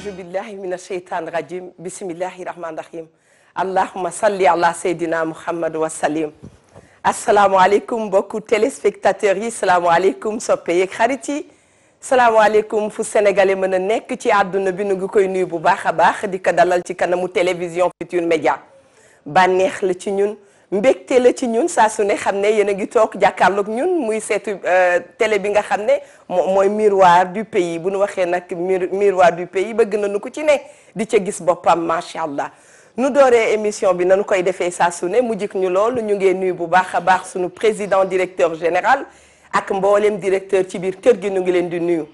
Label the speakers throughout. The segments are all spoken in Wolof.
Speaker 1: auzu billahi min asheytan rajim bisimillahi rahmani rahim allahuma salli ala seydina mouhammad wasalim asalaamualeykum mbokku téléspectateurs yi salaamualeykum soppe yeeg xarit yi salaamaaleykum fu sénégalais mën a nekk ci àdduna bi nu ngi koy nuyu bu baax a baax di ko dalal ci kanamu télévision Futurs Médias bànneex la ci ñun mbégte la ci ñun saa su ne xam ne yéen a ngi toog jàkkaarloog ñun muy seetu euh, télé bi nga xam ne moom mooy miroir du pays bu nu waxee nag miroir du pays bëgg nañu ko ci ne di ca gis boppam macha allah. nu dooree émission bi nanu koy defee saa su ne mu jik ñu loolu ñu ngee nuyu bu baax a baax suñu président directeur général ak mbooleem directeur ci biir kër gi nu ngi leen di nuyu.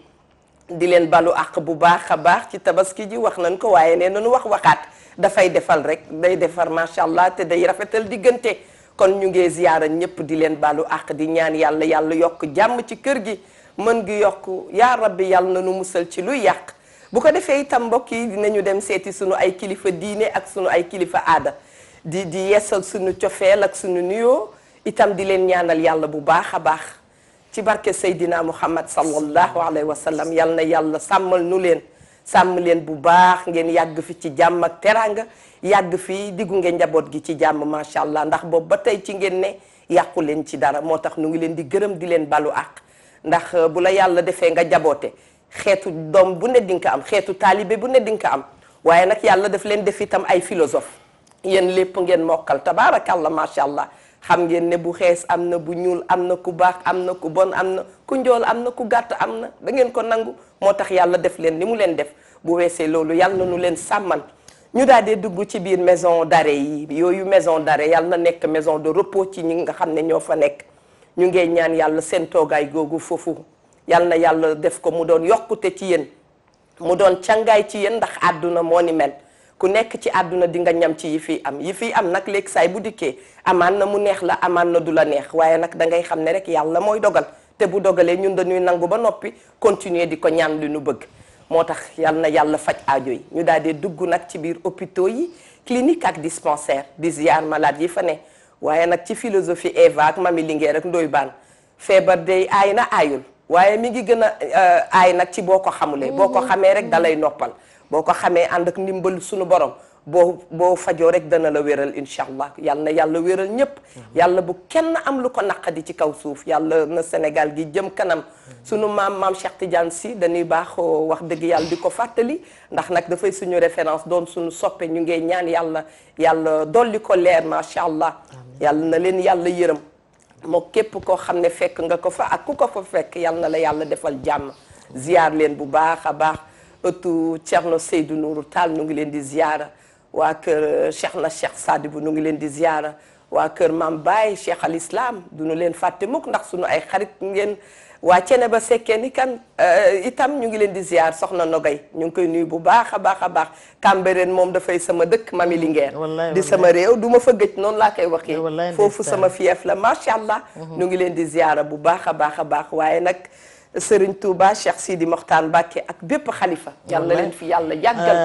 Speaker 1: di leen balu àq bu baax a baax ci tabaski ji wax nañ ko waaye ne nanu wax waxaat. dafay defal rek day defar macha allah te day rafetal diggante kon ñu ngi ziyaara ñëpp di leen baalu àq di ñaan yàlla yàlla yokk jàmm ci kër gi mën gi yokk yaa rabbi yàlla na nu musal ci luy yàq bu ko defee itam mbokk yi dinañu dem seeti sunu ay kilifa diine ak sunu ay kilifa aada di di yeesal sunu cofeel ak sunu nuyoo itam di leen ñaanal yàlla bu baax a baax ci barke Seydina Muhammad sallallahu alayhi wa sallam yal na yàlla sàmmal nu leen sàmm leen bu baax ngeen yàgg fi ci jàmm ak teraanga yàgg fi diggu ngeen njaboot gi ci jàmm macha allah ndax boobu ba tey ci ngeen ne yàqu leen ci dara moo tax nu ngi leen di gërëm di leen balu àq ndax euh, bu la yàlla defee nga jaboote xeetu doom bu ne di am xeetu taalibe bu ne di am waaye nag yàlla def leen def itam ay philosophe yéen lépp ngeen mokkal tabaarakàlla macha allah. xam ngeen ne bu xees am na bu ñuul am na ku baax am na ku bon am na ku njool am na ku gàtt am na da ngeen ko nangu moo tax yàlla def leen li mu leen def bu weesee loolu yàlla na nu leen sàmmal ñu daal dee dugg ci biir maison d'arrêt yi yooyu maison d'arrêt yàlla na nekk maison de repos ci ñi nga xam ne ñoo fa nekk ñu ngey ñaan yàlla seen toogaay googu foofu yàlla na yàlla def ko mu doon yokkute ci yéen mu doon cangaay ci yéen ndax àdduna moo ni mel ku nekk ci àdduna di nga ñam ci yi fiy am yi fiy am nag léegi saay bu dikkee amaan na mu neex la amaan na du la neex waaye nag da ngay xam ne rek yàlla mooy dogal te bu dogalee ñun dañuy nangu ba noppi continuer di ko ñaan li nu bëgg moo tax yal na yàlla faj aajo yi ñu daal di dugg nag ci biir hôpitaux yi clinique ak dispensaire di ziar malaat yi fa ne waaye nag ci philosophie Eva ak mami Linguère rek ndoy baan feebar day aay na aayul waaye mi ngi gën a euh, aay nag ci boo ko xamulee boo ko mm. xamee rek dalay noppal boo ko xamee ànd ak ndimbalu suñu borom boo boo fajoo rek dana la wéral incha allah yal na yàlla wéral ñëpp yàlla bu kenn am lu ko naqadi ci kaw suuf yàlla na Sénégal gi jëm kanam suñu maam maam Cheikh Tidiane si dañuy baax wax dëgg yàlla di ko fàttali ndax nag dafay suñu référence doon suñu soppe ñu ngey ñaan yàlla yàlla dolli ko leer macha allah yàlla na leen yàlla yërëm moo képp koo xam ne fekk nga ko fa ak ku ko fa fekk yàlla na la yàlla defal jàmm ziyaar leen bu baax a baax ëttu Thierno Seydou nur Tall nu ngi leen di ziyaara waa kër euh, Cheikh na Cheikh Sadibou nu ngi leen di ziyaara waa kër Mam Baye Cheikh du nu leen fàtte mukk ndax sunu ay xarit ngeen waa cene ba sekkee ni kan euh, itam ñu ngi leen di ziar soxna Nogay ñu ngi koy nuyu bu baax a baax a baax Cambérène moom dafay sama dëkk mami Linguère di sama réew du ma fa gëj noonu laa koy waxee foofu sama fief la macha allah. Mhm. ñu ngi leen di ziara bu baax a baax a baax waaye nag Serigne Touba Cheikh Sidi Mokhtar Mbacke ak bépp xalifa yàlla leen yàlla yàggal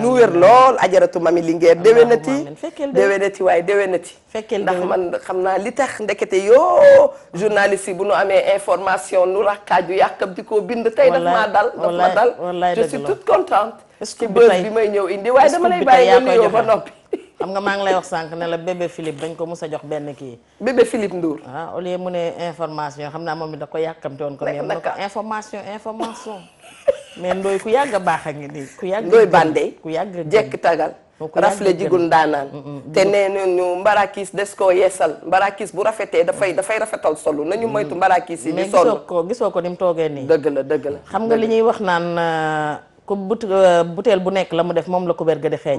Speaker 1: nu wér lool ajaratu mami Linguère déwénati déwénati de déwénati ndax man xam naa li tax ndekete yoo journaliste yi bu nu amee information nu rakkaaju yàkkab di ko bind tey daf maa dal daf ma dal je suis toute contente ci bës bi may ñëw indi waaye dama lay bàyyi nga nuyoo ba xam nga maa ngi lay wax sànq ne la bébé Philippe dañ ko mus a jox benn kii. bébé Philippe Ndour. ah au lieu mu ne information xam naa moom mi da ko yàkkamte woon ko. ko yàgg a baax a ngi nii. ku yàgg ndooy bande ku yàgg jekk tagal. rafle jigul ndaanaan mm, mm, te nee nañu mbarakis des koo yeesal mbarakis bu rafetee dafay dafay rafetal solo nañu moytu mbarakis yi. di sol mais gisoo ko gisoo ko ni mu toogee nii. dëgg la dëgg la xam nga li ñuy wax naan. Euh, ku but euh, buteel bu nekk la mu def moom la kubéer ga di xeeñ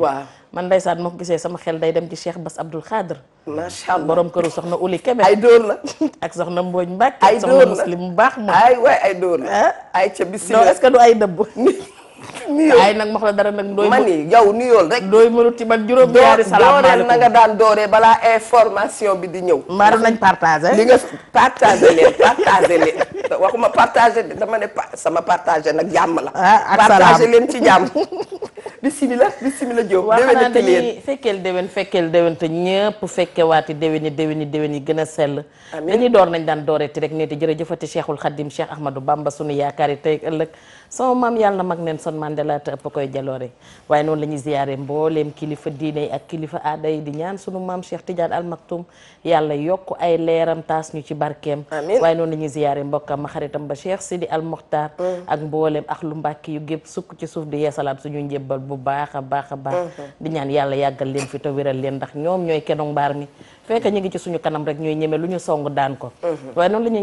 Speaker 1: man ndeysaan ma ko gisee sama xel day dem ci Cheikh Bass Abdoul Khadr macha allah borom këru soxna Uli Kébé ay dóor la ak soxna Mbooñ Mbàkke ay dóor la soxna muslim baax moom ay waay ay dóor la ah. ay ca bisimilah non est-ce que du ay dëbb nuyoo ay nag max la dara nag. dooy ma ni yow nuyool rek. dooy mënut ci man juróom ñaari salaamaaleykum na nga daan dooree balaa information bi di ñëw. mbaaru nañ partagé. li nga partagé leen partagé leen waxuma partagé dama ne sama partagé nag jàmm la. ah partagé leen ci jàmm. bisimilah bisimilah Diop. déwénati leen waaw fekkeel déwén fekkeel déwén te ñëpp fekkewaati déwéni déwéni déwén yi gën a sell. dañuy door nañ daan dooreeti rek ne te jërëjëfati Cheikhul Khadim Cheikh Ahmadou Bamba sunu yaakaar yi tey ëllëg sama maam yàlla mag neen son Mandela te ëpp koy jaloore waaye noonu la ñuy ziyaare mbooleem kilifa diine yi ak kilifa aada yi di ñaan sunu maam Cheikh Tidiane Al Maktoum yàlla yokk ay leeram taas ci barkeem. amiin waaye noonu la ñuy ziyaare mbokkam ma xaritam ba Cheikh Sidi Al Mokhtar. Mm. ak mbooleem ak lu mbàkki yu gépp sukk ci suuf di yeesalaat suñu njëbb dogal bu baax a baax a baax mm-hmm. di ñaan yàlla yàggal leen fi te wéral leen ndax ñoom ñooy kenong mbaar mi fekk ñu ngi ci suñu kanam rek ñooy ñeme lu ñu song daan ko mm-hmm. waaye noonu la ñuy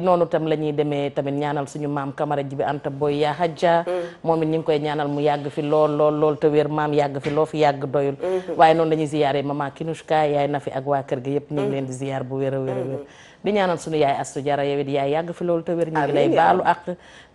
Speaker 1: mm-hmm. la ñuy demee tamit ñaanal suñu maam Kamara Jibi Anta Boy yaa hajja moom it ñu ngi koy ñaanal mu yàgg fi lool lool lool maam yàgg fi loo fi yàgg doyul waaye noonu la ñuy ziyaare mama Kinushka yaay na fi ak waa kër gi yëpp ñu leen di ziyaar bu wér a a wér di ñaanal suñu yaay astu jara yow yaay yàgg fi loolu te wér ñu ngi lay baalu ak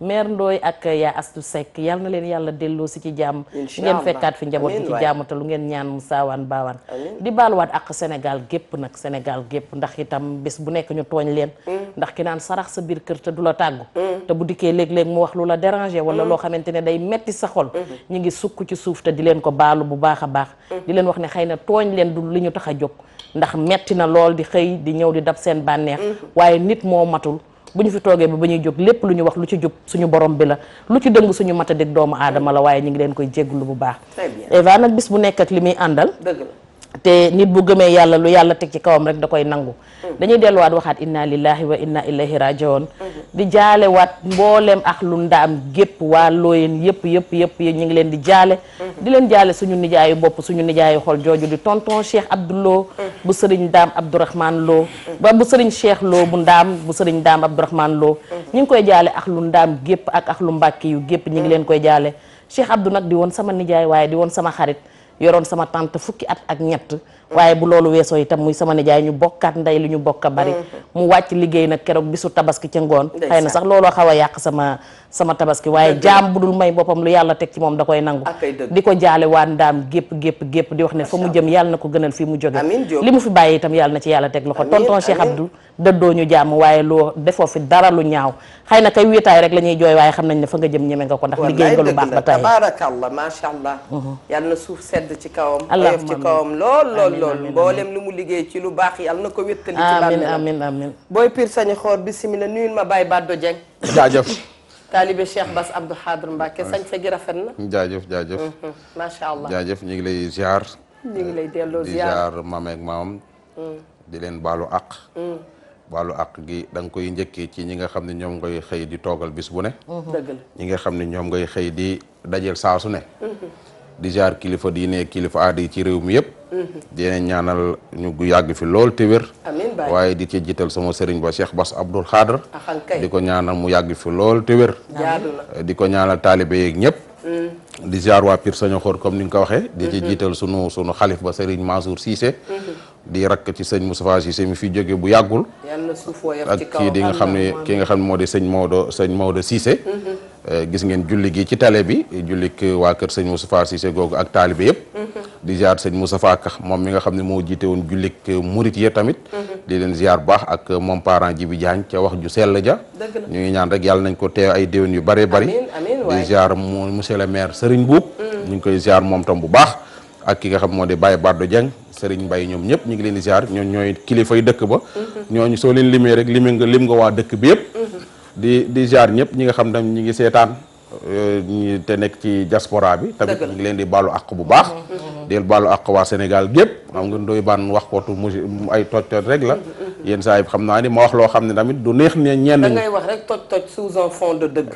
Speaker 1: mère Ndooy ak yaay astu Seck yal na leen yàlla delloo si ci jàmm ngeen fekkaat fi njaboot bi ci jàmm te lu ngeen ñaan mu saawaan baawaan di baaluwaat ak Sénégal gépp nag Sénégal gépp ndax itam bés bu nekk ñu tooñ leen mm. ndax ki naan sarax sa biir kër te du la tàggu mm. te bu dikkee léeg-léeg mu wax lu la déranger wala mm. loo xamante ne day metti sa xol mm-hmm. ñi ngi sukk ci suuf te di leen ko baalu bu baax a baax di leen wax ne xëy na tooñ leen du li ñu tax a jóg ndax metti na lool di xëy di ñëw di dab seen bànneex mhm. waaye nit moo matul bu ñu fi toogee ba ba ñuy jóg lépp lu ñu wax lu ci jub suñu borom bi la lu ci dëng suñu mat matadik doomu aadama la waaye ñu ngi leen koy jégglu bu baax Eva nag bis bu nekk ak li muy àndal te nit bu gëmee yàlla lu yàlla teg ci kawam rek da koy nangu dañuy delluwaat waxaat inna lillahi wa inna ilayhi rajiun di jaalewaat mbooleem ak lu ndaam gépp waa looyeen yëpp yëpp yëpp ñu ngi leen di jaale di leen jaale suñu nijaayu bopp suñu nijaayu xol jooju di tonton cheikh abdouloo bu sëriñ daam abdourahman loo ba bu sëriñ cheikh loo bu ndaam bu sëriñ daam loo ñu ngi koy jaale ak lu ndaam gépp ak ak lu mbàkki yu gépp ñu ngi leen koy jaale cheikh abdou nag di woon sama nijaay waaye di woon sama xarit yoroon sama tante fukki at ak ñett waaye bu loolu weesoo itam muy sama nijaay ñu bokkaat ndey li ñu bokka bari mm-hmm. mu wàcc liggéey nag keroog bisu tabaski ca ngoon xëy na sax looloo xaw a yàq sama sama tabaski waaye jaam bu dul may boppam lu yàlla teg ci moom da koy nangu di ko jaale waa ndaam gépp gépp gépp di wax ne fa mu jëm yàlla na ko gënal fii mu jóge li mu fi bàyyi itam yàlla na ci yàlla teg loxo tonton Cheikh Abdou dëddoo ñu jàmm waaye loo defoo fi dara lu ñaaw xëy na kay wéetaay rek la ñuy jooy waaye xam nañ ne fa nga jëm ñeme nga ko ndax liggéey nga lu baax ba tey tabaarakallah leen loolu mboolem lu mu liggéey ci lu baax yàlla na ko wéttali ci bàmmeel amiin amiin booy piir sañu xoor bisimila nuyul ma Baye Baddo Dieng jaajëf taalibe Cheikh Bass Abdou Khadre Mbacke sañ sa rafet na
Speaker 2: jaajëf jaajëf mhm,
Speaker 1: macha jaajëf
Speaker 2: ñu ngi lay ziar
Speaker 1: ñu ngi lay delloo
Speaker 3: ziar
Speaker 2: di maam mhm. di leen baalu àq mhm. baalu àq gi da nga koy njëkkee ci ñi nga xam ne ñoom ngay xëy di toogal bis bu ne dëgg nga xam ne ñoom ngay xëy di dajeel saa ne di jaar kilifa diine kilifa aada ci réew mi yëpp. Mhm. dina ñaanal ñu yàgg fi lool te wér. di ci jiital sama sëriñ ba Cheikh Bass Abdoul Khadr.
Speaker 3: Ah, di ko
Speaker 2: ñaanal mu yàgg fi lool te di ko ñaanal taalibe yeeg ñëpp.
Speaker 3: Mm.
Speaker 2: di jaar waa Pire Sañoxor comme ni nga ko waxee. di ci mhm. jiital sunu sunu xalif ba sëriñ Mansour Cissé. Mhm. di rakk ci sëñ Moustapha Cissé mi fi jóge bu yàggul.
Speaker 3: ak kii di nga xam ne
Speaker 2: ki nga xam ne moo di sëñ Maodo sëñ Maodo Cissé. Eh, gis ngeen julli gi ci tale bi jullik waa kër sëñ Moustapha Cissé googu ak taalibe yëpp mm-hmm. di ziar sëñ Moustapha Ka moom mi nga xam ne moo jiite woon jullik murit ya tamit mm-hmm. di leen ziar baax ak moom parent ji bi jaañ ca wax ju sell ja ñu ngi ñaan rek yàlla nañ ko teew ay déwén yu bëree bari di ziar mu monsieur le maire Serigne Boub mm. ñu ngi koy ziar moom tam bu baax ak ki nga xam moo di Baye Bardo jang sëriñ Mbaye ñoom ñëpp ñu ngi leen di ziar ñoom ñooy kilifay dëkk ba mm-hmm. ñooñu soo leen limee rek lime nga lim nga waa dëkk bi yëpp di di jaar ñëpp ñi nga xam ne ñi ngi seetaan euh, ñi te nekk ci diaspora bi tamit ñu leen di baalu àq bu baax mm-hmm. Mm-hmm. del baalu àq waa Sénégal xam nga doy baan wax kootu mu ay toj rek la mm-hmm, yenn saa xam naa ni ma wax loo xam ne tamit du neex ne ñenn da ngay
Speaker 1: wax rek toj toj sous un fond de dëgg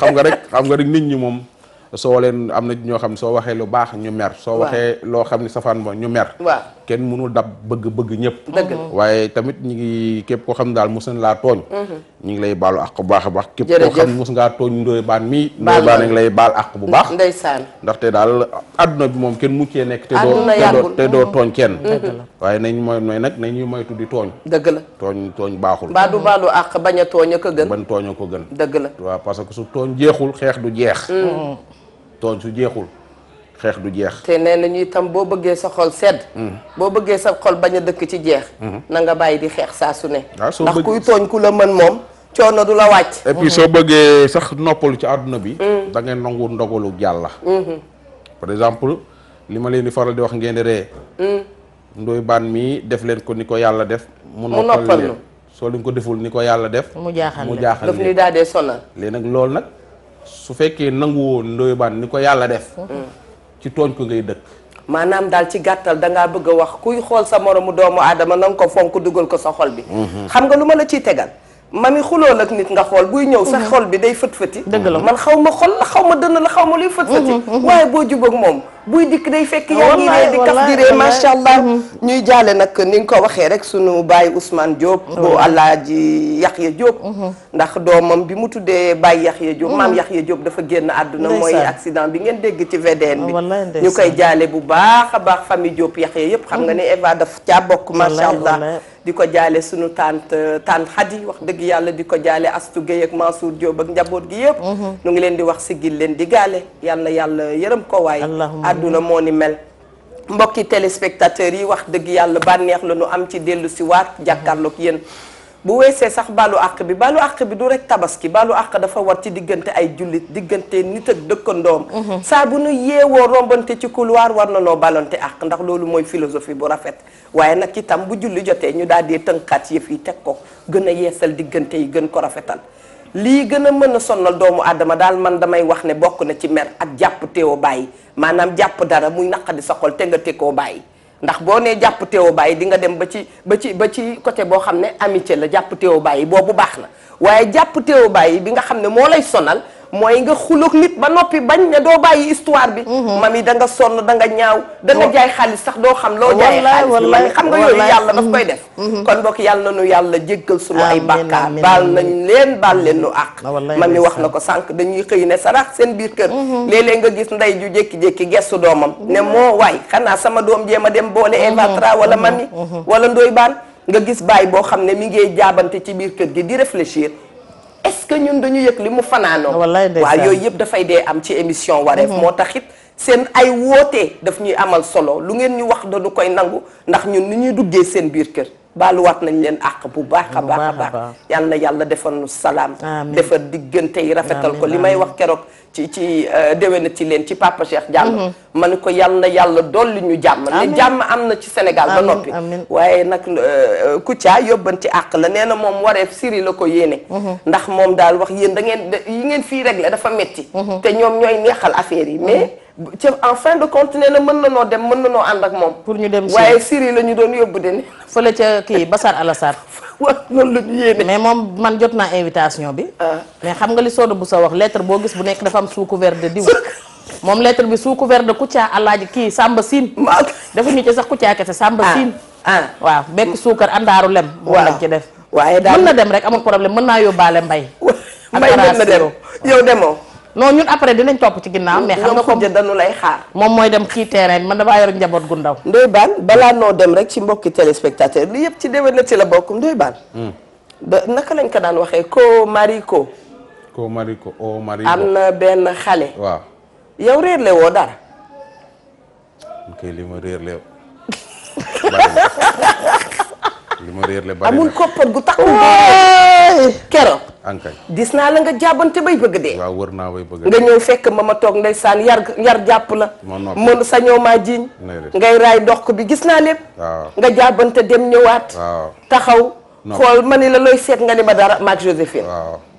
Speaker 2: xam nga rek xam nga rek nit ñi moom soo leen am na ñoo xam ne soo waxee lu baax ñu meer soo waxee loo xam ne safaan ba ñu mer kenn mënul dab bëgg-bëgg ñëpp waaye tamit ñu ngi képp koo xam ne daal mos nañ laa tooñ mhm. ñu ngi lay baalu àq bu baax a baax képp koo xam ne mos ngaa tooñ ndoy baan mii ndoy baan lay baal àq bu baax ndeysaan ndaxte daal adduna bi moom kenn muccee nekk te doo te doo tooñ kenn mhm. waaye nañu mooy mooy nag nañuy moytu di tooñ dëgg la tooñ tooñ baaxul baa du baalu àq bañ a tooñ a ko gën bañ tooñ a ko gën dëgg la waaw parce que su tooñ jeexul xeex du jeex mhm. tooñ su jeexul xeex du jeex.
Speaker 1: te nee nañu itam boo bëggee sa xol sedd. Hmm. boo bëggee sa xol bañ a dëkk ci jeex. Hmm. na nga bàyyi di xeex saa su ne.
Speaker 2: Ah, ndax kuy
Speaker 1: tooñ ku la mën moom. coono du la wàcc. soo bëggee
Speaker 2: sax noppalu ci àdduna bi. Hmm. da ngeen nangu ndogalu yàlla. par exemple li ma leen di faral di wax ngeen di ree. ndoy baan mii def leen ko ni ko yàlla def. mu noppal leen soo leen ko deful ni ko yàlla def. mu jaaxal leen mu jaaxal leen daf ñuy
Speaker 1: daal dee sonal.
Speaker 2: léegi nag lool nag su fekkee nanguwoo ndoy baan ni ko yàlla def. ci tooñ ko ngay dëkk
Speaker 1: maanaam daal ci gàttal dangaa bëgg a wax kuy xool sa moromu doomu aadama na ko fonk dugal ko sa xol bi mhm. xam nga lu ma la ciy tegal mami xulool ak nit nga xool buy ñëw sa mhm. xol bi day fët fëti dëgg la man xaw ma xol la xaw ma dënn la xaw ma luy fët fëti mhm. waaye boo jubóog moom buy dikk day fekk yaa ngi ree di kaf di ree macha allah mm-hmm. ñuy jaale nag ni nga ko waxee rek sunu baay Ousmane Diop ji mm-hmm. Alaaji Yaxya Diop mm-hmm. ndax doomam bi mu tuddee baay Yaxya Diop maam Yaxya Diop dafa génn àdduna mooy accident bi ngeen dégg ci VDN bi ah, ñu koy jaale bu baax a baax famille Diop Yaxya yëpp xam nga ne Eva daf caa bokk macha allah di ko jaale sunu tante tante Xadi wax dëgg yàlla di ko jaale Astu Gueye ak Mansour Diop ak njaboot gi yëpp ñu ngi leen di wax sigil leen di gaale yàlla yàlla yërëm ko waay àdduna moo ni mel mbokki téléspectateurs yi wax dëgg yàlla bànneex la nu am ci dellu si waat jàkkaarloog yéen bu weesee sax baalu àq bi baalu àq bi du rek tabaski baalu àq dafa war ci diggante ay jullit diggante nit ak dëkkandoom mhm. saa bu nu yeewoo rombante ci couloir war na noo balonte àq ndax loolu mooy philosophie bu rafet waaye nag itam bu julli jotee ñu daal di tënkaat yëf yi teg ko gën a yeesal diggante yi gën ko rafetal lii gën a mën a sonnal doomu aadama daal man damay wax ne bokk na ci mer ak jàpp teewoo bàyyi maanaam jàpp dara muy naqadi sa xol te nga te koo bàyyi ndax boo nee jàpp teewoo bàyyi di nga dem ba ci ba ci ba ci côté boo xam ne amitié la jàpp teewoo bàyyi boobu baax na waaye jàpp teewoo bàyyi bi nga xam ne moo lay sonal mooy nga xuloog nit ba noppi bañ ne doo bàyyi histoire bi mhm. mami da nga sonn da nga ñaaw da nga jaay xaalis sax doo xam loo jaay xaalis mami xam nga yooyu yàlla daf mhm. koy def mhm. kon bokk yàlla nu yàlla jéggal sunu ay bàkkaar baal nañ leen baal leen nu àq ni wax na ko sànq dañuy xëy ne sarax seen biir kër léeg-léeg nga gis ndey ju jékki-jékki gestu doomam ne moo waay xanaa sama doom jéem a dem boole Eva Tra wala mami wala ndoy baan nga gis baay boo xam ne mi ngi jaabante ci biir kër gi di réfléchir est ñun dañu yëg li mu fanaanoo ah, waaw yooyu yëpp dafay dee am ci émission wareef mhm. moo tax it seen ay wootee daf ñuy amal solo lu ngeen ñu wax dañu koy nangu ndax ñun ni ñuy duggee seen biir kër baaluwaat nañ leen àq bu baax a baax a baax yàlla na yàlla defal nu salaam defar diggante yi rafetal ko li may wax keroog ci ci euh, déwéna ci leen ci Papa Cheikh Diallo mm-hmm. ma ko yàlla na yàlla dolli ñu jàmm ne jàmm am na ci Sénégal ba noppi waaye nag euh, euh, Kouthia yóbbanti àq la nee na moom wareef siri la ko yéene mm-hmm. ndax moom daal wax yéen da ngeen yi ngeen fii réglé dafa metti mm-hmm. te ñoom ñooy neexal affaire yi mais ci en fin de compte nee mën na noo dem mën na noo ànd ak moom. pour ñu dem Syrie waaye Syrie la ñu doon yóbbu de ni. fële ca kii Bachar al-Assad. waaw loolu mais moom man jot naa invitation bi. Ah. mais xam nga li Soda bu sa wax lettre boo gis bu nekk dafa am sous couvert de diw. moom lettre bi sous couvert de Kouthia Alaaji kii Samba Sine. dafa ñu ci sax Kouthia kese Samba ah, Sine. ah waaw bekk suukar andaaru lem. waaw moom lañ ci def. waaye daal mën na dem rek amul problème mën naa yóbbaale mbay. mbay mën na demoo. noonu ñun après dinañ topp ci ginnaaw mais xam nga ko dañu lay xaar moom mooy dem kii terrain man damaa yor njaboot gu ndaw ndoy baan balaa noo dem rek ci mbokki téléspectateur li yëpp ci déwénati la bokk ndoy baan hmm. da naka lañ ko daan waxee ko mariko
Speaker 2: ko mariko am na
Speaker 1: benn xale waaw yow réer le woo dara
Speaker 2: kay li ma réer le li ma réer le bari amul
Speaker 1: koppar gu takku keroog ankay gis naa la nga jàbbante bay bëgg dee waaw bëgg nga ñëw fekk ma ma toog ndeysaan yar yar jàpp la mën sañoo maa jiiñ ngay raay dox ko bi gis naa lépp nga jàbbante dem ñëwaat taxaw xool ma ni la looy seet nga ni ma dara maak Joséphine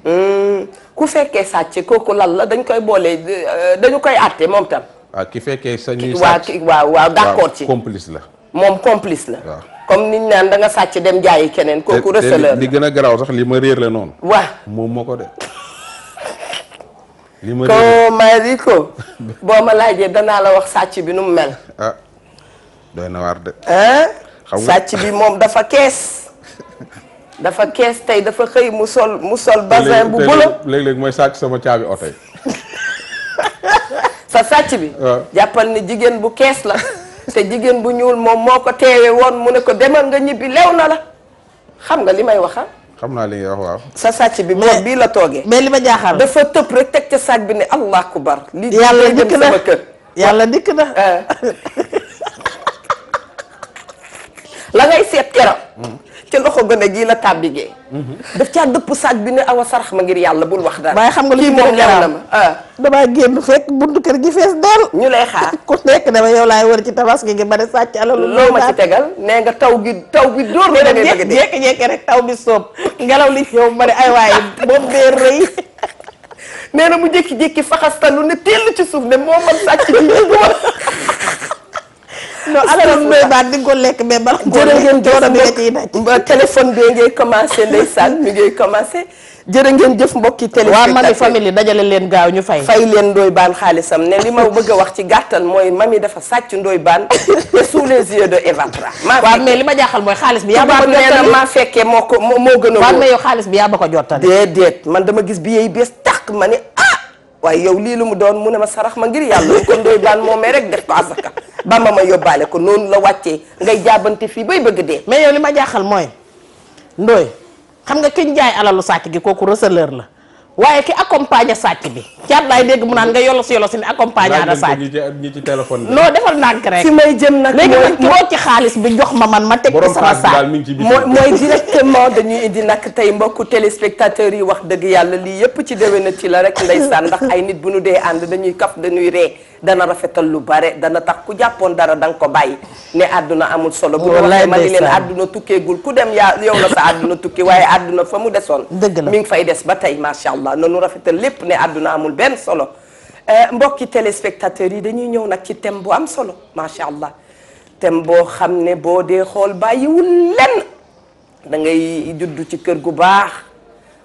Speaker 1: hmm. ku fekkee sàcc kooku lal la dañ koy boole euh, dañu koy àtte moom tam waaw ah, ki fekkee sañuy sàcc waaw waaw d'accord ci complice la moom complice la comme niñ naan da nga sàcc dem jaayi keneen kooku receleur li
Speaker 2: gën a garaaw sax li ma réer la noonu waa moom ma ko de li ma
Speaker 1: réer ko boo ma laajee danaa la wax sàcc bi nu mu mel
Speaker 2: ah doy
Speaker 1: sàcc bi moom dafa kees dafa kees tey dafa xëy mu sol mu sol basin bu bulo
Speaker 2: léeg-léeg mooy sàcc sama caabi oto yi
Speaker 1: sa sàcc bi ah. jàppal ni jigéen bu kees la te jigéen bu ñuul moom moo ko teewe woon mu ne ko demal nga ñibbi lew na la xam nga li may wax ah?
Speaker 2: xam naa li ngay wax waaw.
Speaker 1: sa sàcc bi moom bii la toogee. mais li ma jaaxal dafa tëb rek teg ca sac bi ne allah akbar. li yàlla dikk na sama ah. yàlla dikk na. la ngay seet keroog. Hmm. ci loxo gën a ji la tàbbigee. Mm-hmm. daf caa dëpp saaj bi ne awa sarax ma ngir yàlla bul wax dara. waaye xam nga lu ci moom lew na ah. génn fekk buntu kër gi fees dell. ñu lay xaar ku nekk dama yow laay wër ci tabaski gi ba ne sàcc alalu loo ma ci tegal nee nga taw gi taw bi dóor na ngay bëgg de taw bi soob ngelaw li ma ne ay waaye boobu bee rëy nee na mu jékki-jékki faxastalu ne teel ci suuf ne moo man sàcc bi non alal mu doy baat ko lekk mais bala nga koo lekk coono bi nga ciy daj téléphone bi ngay commencé ndeysaan mi ngay commencé. ngeen jëf mbokki télé waa mami famille dajale leen gaaw ñu fay fay leen Ndoye Bane xaalisam ne li ma bëgg a wax ci gàttal mooy mami dafa sàcc Ndoye Bane te sous les yeux de Eva li ma jaaxal mooy xaalis bi yaa ba ko maa fekkee moo ko moo gën a waaw mais xaalis bi yaa ba ko jottali déedéet man dama gis bi yeey bees tàq ma ne ah waaye yow lii lu mu doon mu ne ma sarax ma ngir yàlla kon doy daan moomee rek def ko asaka ba ma ma yóbbaale ko noonu la wàccee ngay jàbbante fii bay bëgg dee mais yow li ma jaaxal mooy ndooy xam nga kiñ jaay alalu sàcc gi kooku receleur la waaye ki accompagner sàcc bi caat laay dégg mu naan nga yolos yolosi ne accompagner na sàcc ñi ci téléphone non defal naa rek fi may jëm nag léegi nag moo ci xaalis bi jox ma man ma teg ci sama sàcc mooy directement dañuy indi nag tey mbokku téléspectateurs yi wax dëgg yàlla lii yëpp ci déwénati la rek ndeysaan ndax ay nit bu ñu dee ànd dañuy kaf dañuy ree dana rafetal lu bare dana tax ku jàppoon dara danga ko bàyyi ne àdduna amul solo bu ñu waxee ma ni leen àdduna tukkeegul ku dem yaa yow la sa àdduna tukki waaye àdduna fa mu desoon mi ngi fay des ba tey macha allah noonu rafetal lépp ne àdduna amul benn solo eh, mbokki téléspectateurs yi dañuy ñëw nag ci thème bu am solo macha allah thème boo xam ne boo dee xool bàyyiwul lenn da ngay juddu ci kër gu baax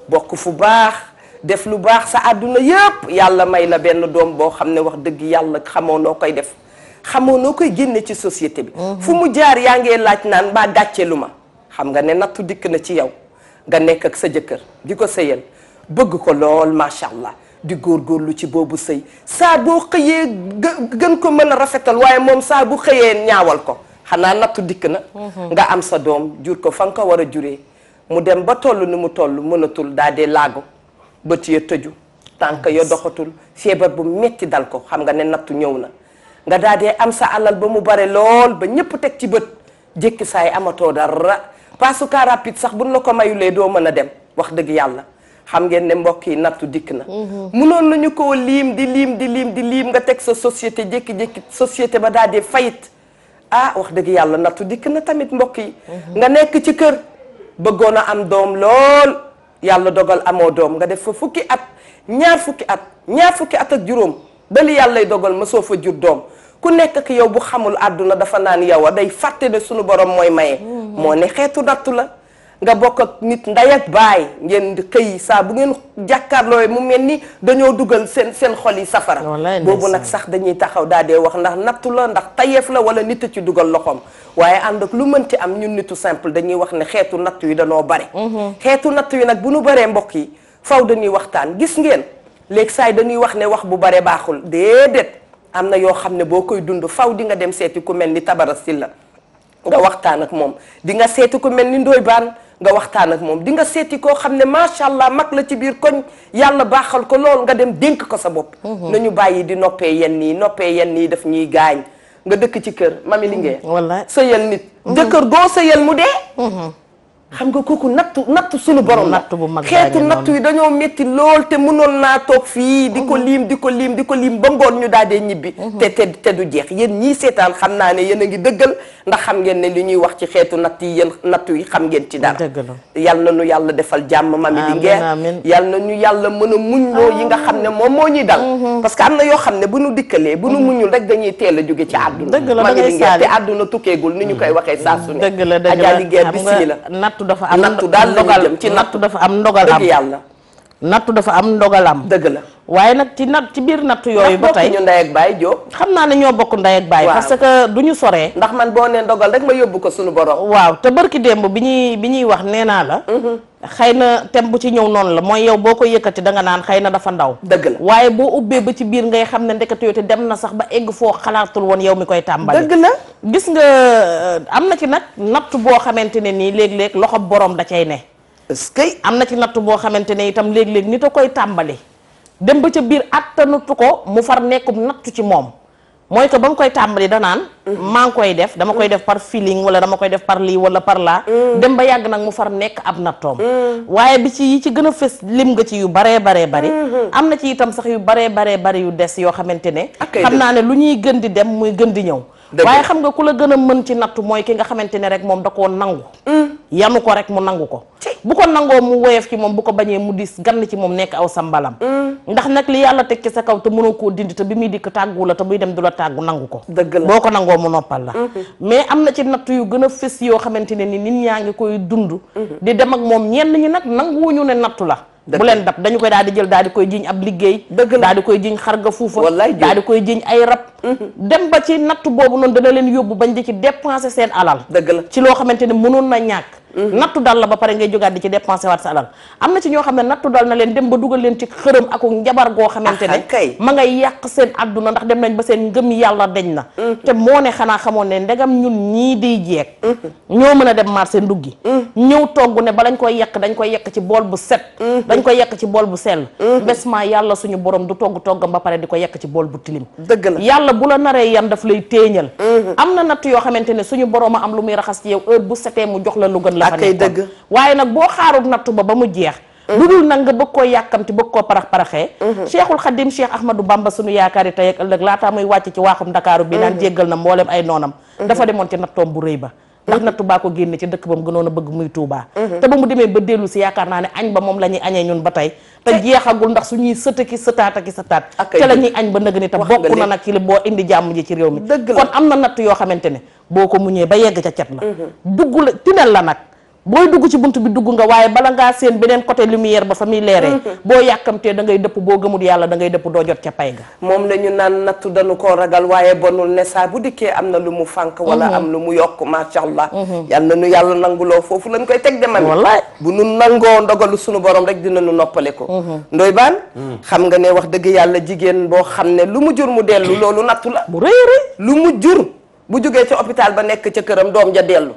Speaker 1: bokk fu baax def lu baax sa àdduna yépp yàlla may la benn doom boo xam ne wax dëgg yàlla xamoo noo koy def xamoo noo koy génne ci société bi mhm. fu mu jaar yaa ngee laaj naan mbaa gàcce lu ma xam nga ne nattu dikk na ci yow nga nekk ak sa jëkkër di ko sëyal bëgg ko lool macha allah di góor góorgóorlu ci boobu sëy saa boo xëyee gën ko mën a rafetal waaye moom saa bu xëyee ñaawal ko xanaa nattu dikk na mhm. nga am sa doom jur ko fa nga ko war a juree mu dem ba toll ni mu toll mënatul daa laago bët ya tëju tànk ya doxatul feebar bu metti dal ko xam nga ne nattu ñëw na nga daa dee am sa alal ba mu bare lool ba ñépp teg ci bët jékki saay amatoo dara pasuka rapide sax bu nu la ko mayulee doo mën a dem wax dëgg yàlla xam ngeen ne mbokk yi nattu dikk na mm-hmm. munoon lañu ko liim di liim di liim di liim nga teg sa société jékki-jékki société ba daa dee fayit ah wax dëgg yàlla nattu dikk na tamit mbokk yi mm-hmm. nga nekk ci kër bëggoon a am doom lool yàlla dogal amoo doom nga def fa fukki at ñaar fukki at ñaar fukki at ak juróom ba yàlla yàllay dogal ma soo fa jur doom ku nekk ak yow bu xamul àdduna dafa naan yow a day fàtte ne sunu borom mooy maye. Mm-hmm. moo ne xeetu nattu la. nga bokk ak nit ndey ak baay ngeen di xëy saa bu ngeen jàkkaarloo mu mel ni dañoo dugal seen seen xol yi safara boobu nag sax dañuy taxaw daa dee wax ndax nattu la ndax tayeef la wala nit ci dugal loxoom waaye ànd ak lu mënti am ñun nitu simple dañuy wax ne xeetu natt yi dañoo bare mhm. xeetu natt yi nag bu nu baree mbokk yi faw dañuy waxtaan gis ngeen léegi saa yi dañuy wax ne wax bu bare baaxul déedéet am na yoo xam ne boo koy dund faw di nga dem seeti ku mel ni tabara si la nga moom nga waxtaan ak moom di nga seeti koo xam ne macha allah mag la ci biir koñ yàlla baaxal ko lool nga dem dénk ko sa bopp. Mhm. nañu bàyyi di noppee yenn yi noppee yenn yi daf ñuy gaañ nga dëkk ci kër mami li ngeen. wallaay sëyal nit. Mhm. jëkkër goo sëyal mu dee. Mhm. xam nga kooku nattu nattu sunu borom la xeetu nattu yi dañoo métti lool te mënoon naa toog fii di ko mhm. liim di ko liim di ko liim ba ngoon ñu daal dee ñibbi mhm. te te te du jeex yéen ñii seetaan xam naa ne yéen a ngi dëggal ndax xam ngeen ne li ñuy wax ci xeetu natt yi yéen nattu yi xam ngeen ci dara yal na ñu yàlla defal jàmm mami di ngeer yal na ñu yàlla mën a muñ loo yi nga xam ne ah. moom moo ñuy dal mhm. parce que am na yoo xam ne bu ñu dikkalee bu ñu muñul rek dañuy teel a jóge ci àdduna mami di ngeer te àdduna tukkeegul ni ñu koy waxee saa su ne ajaa li ngeer bismillah nattu dafa am nattu daal ndogal am ci nattu dafa am ndogal am dafa am ndogal am dëgg la waaye nag ci nat ci biir nattu yooyu ba tey ñu ndey ak baay xam naa ne ñoo bokk ndey ak baay parce que du ñu soree ndax man boo nee ndogal rek ma yóbbu ko suñu borom waaw te barki démb bi ñuy bi ñuy wax nee naa la mm-hmm. xëy na thème bu ci ñëw noonu la mooy yow boo ko yëkkati da nga naan xëy na dafa ndaw dëgg la waaye boo ubbee ba ci biir ngay xam ne ndekete yoo te dem na sax ba egg foo xalaatul woon yow mi koy tàmbali dëgg la gis nga euh, am na ci nag natt boo xamante ne nii léeg-léeg loxo borom da cay ne ce que am na ci natt boo xamante ne itam léeg-léeg nit a koy tàmbali dem ba ca biir attanatu ko mu far nekkum nattu ci moom mooy que ba mu koy tàmbali danaan mm-hmm. maa ngi koy def dama koy mm-hmm. def par feeling wala dama koy def par lii wala par laa mm. dem ba yàgg nag mu far nekk ab nattoom mm. waaye bi ci yi ci gën a fës lim nga ci yu baree baree bari mm-hmm. am na ci itam sax yu baree baree bari yu des yoo xamante ne xam naa ne lu ñuy gën di dem muy gën di ñëw waaye xam nga ku la gën a mën ci nattu mooy ki nga xamante ne rek moom da koo nangu hmm. yanu ko rek mu nangu ko bu ko nangoo mu woyof ci moom bu ko bañee mu dis gann ci moom nekk aw sambalam hmm. ndax nag li yàlla teg ci sa kaw te mënoo koo dindi te bi muy dikk tàggu la te buy dem du la tàggu nangu ko dëgg la boo ko nangoo mu noppal la hmm. mais am na ci nattu yu gën a fës yoo xamante ne ni nit ñaa ngi koy dund di dem ak moom ñenn ñi nag nanguwuñu ne nattu la bu leen dab dañu koy daal di jël daal di koy jiñ ab liggéey daal di koy jiñ xar xarga fuufa daal di koy jiñ ay rab mm-hmm. dem ba ci natt boobu noonu dana leen yóbbu bañ di ci dépenser seen alal dëgg la ci loo xamante ne mënoon na ñàkk nattu dal la ba pare ngay jógaat di ci dépensé waat sa alal am na ci ñoo xam ne nattu dal na leen dem ba dugal leen ci xërëm ak njabar goo xamante ne ah, ma ngay yàq seen àdduna ndax dem nañ ba seen ngëm yàlla deñ na mm-hmm. te moo ne xanaa xamoon ne ndegam ñun ñii di jeeg mm-hmm. ñoo mën a dem marché nduggi mm-hmm. ñëw togg ne ba lañ koy yàq dañ koy yekk ci bool bu set dañ koy yekk ci bool bu sell mbesmaa yàlla suñu borom du togg toggam ba pare di ko yekk ci bool bu tilim dëgg la yàlla bu la naree yan daf lay téeñal am na natt yoo xamante ne suñu borom a am lu muy raxas la fa nekkoon waaye nag boo xaarul nattu ba ba mu jeex mm-hmm. lu dul nag nga bëgg koo yàkkamti bëgg koo parax-paraxee mm-hmm. cheikhul xadim cheikh ahmadou bamba suñu yaakaari tey ak mm-hmm. ay ba ko génne ci dëkk ba a ba mu ba dellu si yaakaar moom la ñuy añee ñun ba tey te jeexagul ndax suñuy sëta ki sëtaata ba sëtaat te la ñuy añ ba nëg ni te bokk na nag ci li boo indi jàmm ji ci réew mi kon am na natt yoo xamante ne boo ko muñee ba yegg ca cat la dugg la tinel la nag booy dugg ci bunt bi dugg nga waaye bala ngaa seen beneen côté lumière ba fa muy mm-hmm. boo yàkkamtee dangay ngay dëpp boo gëmul yàlla dangay ngay dëpp doo jot ca pay ga moom la ñu naan nattu dañu ko ragal waaye bonul ne saa bu dikkee am na lu mu fànk wala mm-hmm. am lu mu yokk macha allah mm-hmm. yal na nu yàlla nanguloo foofu lañ koy teg de mami wallaay bu nu nangoo ndogalu suñu borom rek dinañu noppale ko ndoy baan mm. xam nga ne wax dëgg yàlla jigéen boo xam ne lu mu jur mu dellu loolu nattu la bu lu mu jur bu jógee ca hôpital ba nekk ca këram doom ja dellu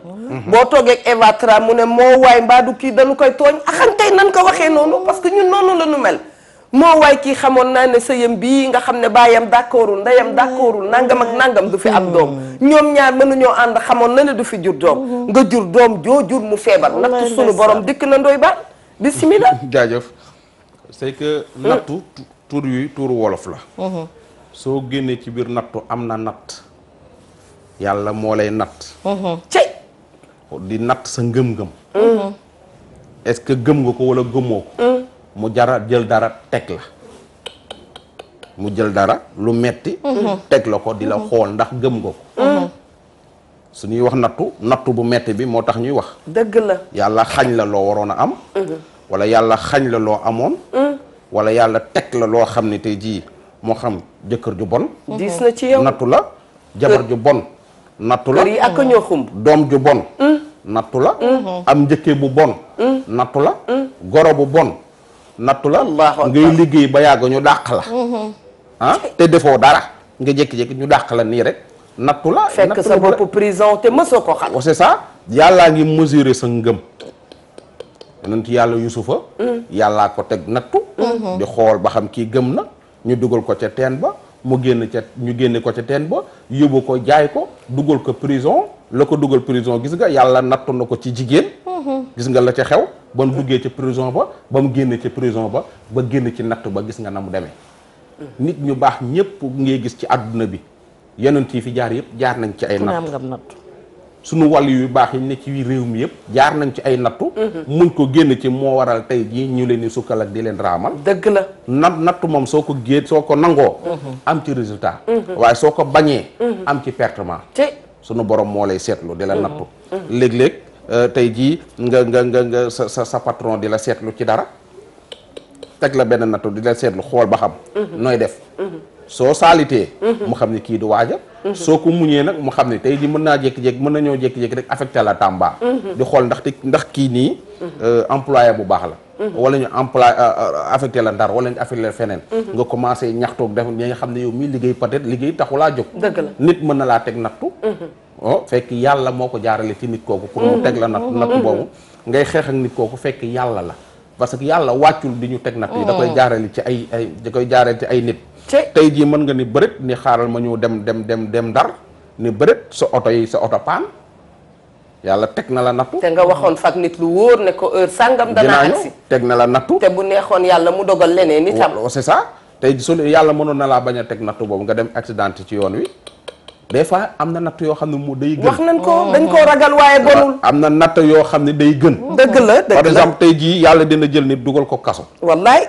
Speaker 1: boo toogee ak mu ne moo waay mbaadu kii dañu koy tooñ axan tey nan ko waxee noonu parce que ñun noonu la ñu mel moo waay kii xamoon naa ne sëyam bii nga xam ne baayam d'accordul ndeyam d'accordul nangam ak nangam du fi am doom ñoom ñaar mënuñoo ànd xamoon na ne du fi jur doom nga jur doom joo jur mu feebar nattu sunu borom dikk na ndoy baat bismillah
Speaker 2: jaajëf c'est que nattu tur yuy tur wolof la mm-hmm. soo ci biir nattu am na natt yàlla moo lay natt. Mm-hmm. cey di natt sa ngëm-ngëm. Mm-hmm. est gëm nga ko walla gëmoo ko. Mm. mu jara jël dara teg la. mu jël dara lu metti mm-hmm. teg la ko di la xool ndax gëm nga ko. su ñuy wax nattu nattu bu metti bi moo tax ñuy wax. dëgg la yàlla xañ la loo waroon a am. wala yàlla xañ la loo amoon. Mm. wala yàlla teg la loo xam ne tey jii moo xam jëkkër ju bon. diis nattu la jabar ju bon. nattu la kër doom ju bon mm. nattu la mm-hmm. am njëkkee bu bon mm. nattu la mm. goro bu bon nattu la ngay liggéey ba yàgg ñu dàq la mm-hmm. ah te defoo dara nga jékki-jékki ñu dàq la nii rek nattu la fekk sa bopp prison te mësoo ko xam oh, c'est ça yàllaa ngi mesurer sa ngëm yonent yàlla yusufa yàllaa ko teg nattu mm-hmm. di xool ba xam kii gëm na ñu dugal ko ca teen ba mu génn ca ñu génne ko ca teen ba yóbbu ko jaay ko dugal ko prison la ko dugal prison gis nga yàlla nattu na ko ci jigéen mm-hmm. gis nga la ca xew ba mu duggee ca prison ba ba mu génn ca prison ba ba génn ci natt ba gis nga na mu demee
Speaker 3: mm-hmm.
Speaker 2: nit ñu baax ñépp ngay gis ci àdduna bi yeneen yi fi jaar yépp jaar nañ ci ay
Speaker 1: natt
Speaker 2: sunu wàll yu baax yi ne ci réew mi yëpp jaar nañ ci ay nattu mhm. muñ ko génn ci moo waral tey jii ñu leen di sukkal ak di leen raamal dëgg la nat nattu moom soo ko génn soo ko nangoo mhm. am ci résultat mhm. waaye soo ko bañee am ci pertement te sunu borom moo lay seetlu di la nattu léeg-léeg euh, tey jii nga nga nga nga sa sa sa patron di la seetlu ci dara teg la benn nattu di la seetlu xool ba xam nooy def soo saalitee mhm. mu xam ne kii du waaja mhm. soo ko mu muñee nag mu xam ne tey ji mën naa jékki-jékki mën nañoo jékki-jékki rek affecté la Tamba mhm. di xool ndax ndax kii nii euh, employé bu baax la wala ñu emploi euh, euh, affecté la ndar wala ñu affecté la feneen nga commencé ñaxtoog def ñi nga xam ne yow mii liggéey peut-être liggéey taxu laa jóg dëgg nit mën na laa teg nattu oh fekk yàlla moo ko jaarale ci nit kooku pour mu teg la natt natt boobu ngay xeex ak nit kooku fekk yàlla la parce que yàlla wàccul di ñu teg natt yi oh. da koy ci ay ay da koy jaarale ci ay nit tey jii mën nga ni bërit ni xaaral ma ñu dem dem dem dem ndar ni bërit sa oto yi sa oto paan yàlla teg na la nattu te nga waxoon
Speaker 1: fag nit lu wóor ne ko sàngam danaa agsi
Speaker 2: teg na la nattu
Speaker 1: te bu neexoon yàlla mu dogal leneen itam
Speaker 2: c'est ça tey su yàlla mënoon na laa bañ a teg nattu boobu nga dem accident ci yoon wi des fois am na natt yoo xam ne mu day gën nañ ko dañ koo ragal am na natt yoo xam ne day gën dëgg la dëgg la par exemple tey jii yàlla dina jël nit dugal ko kaso wallaay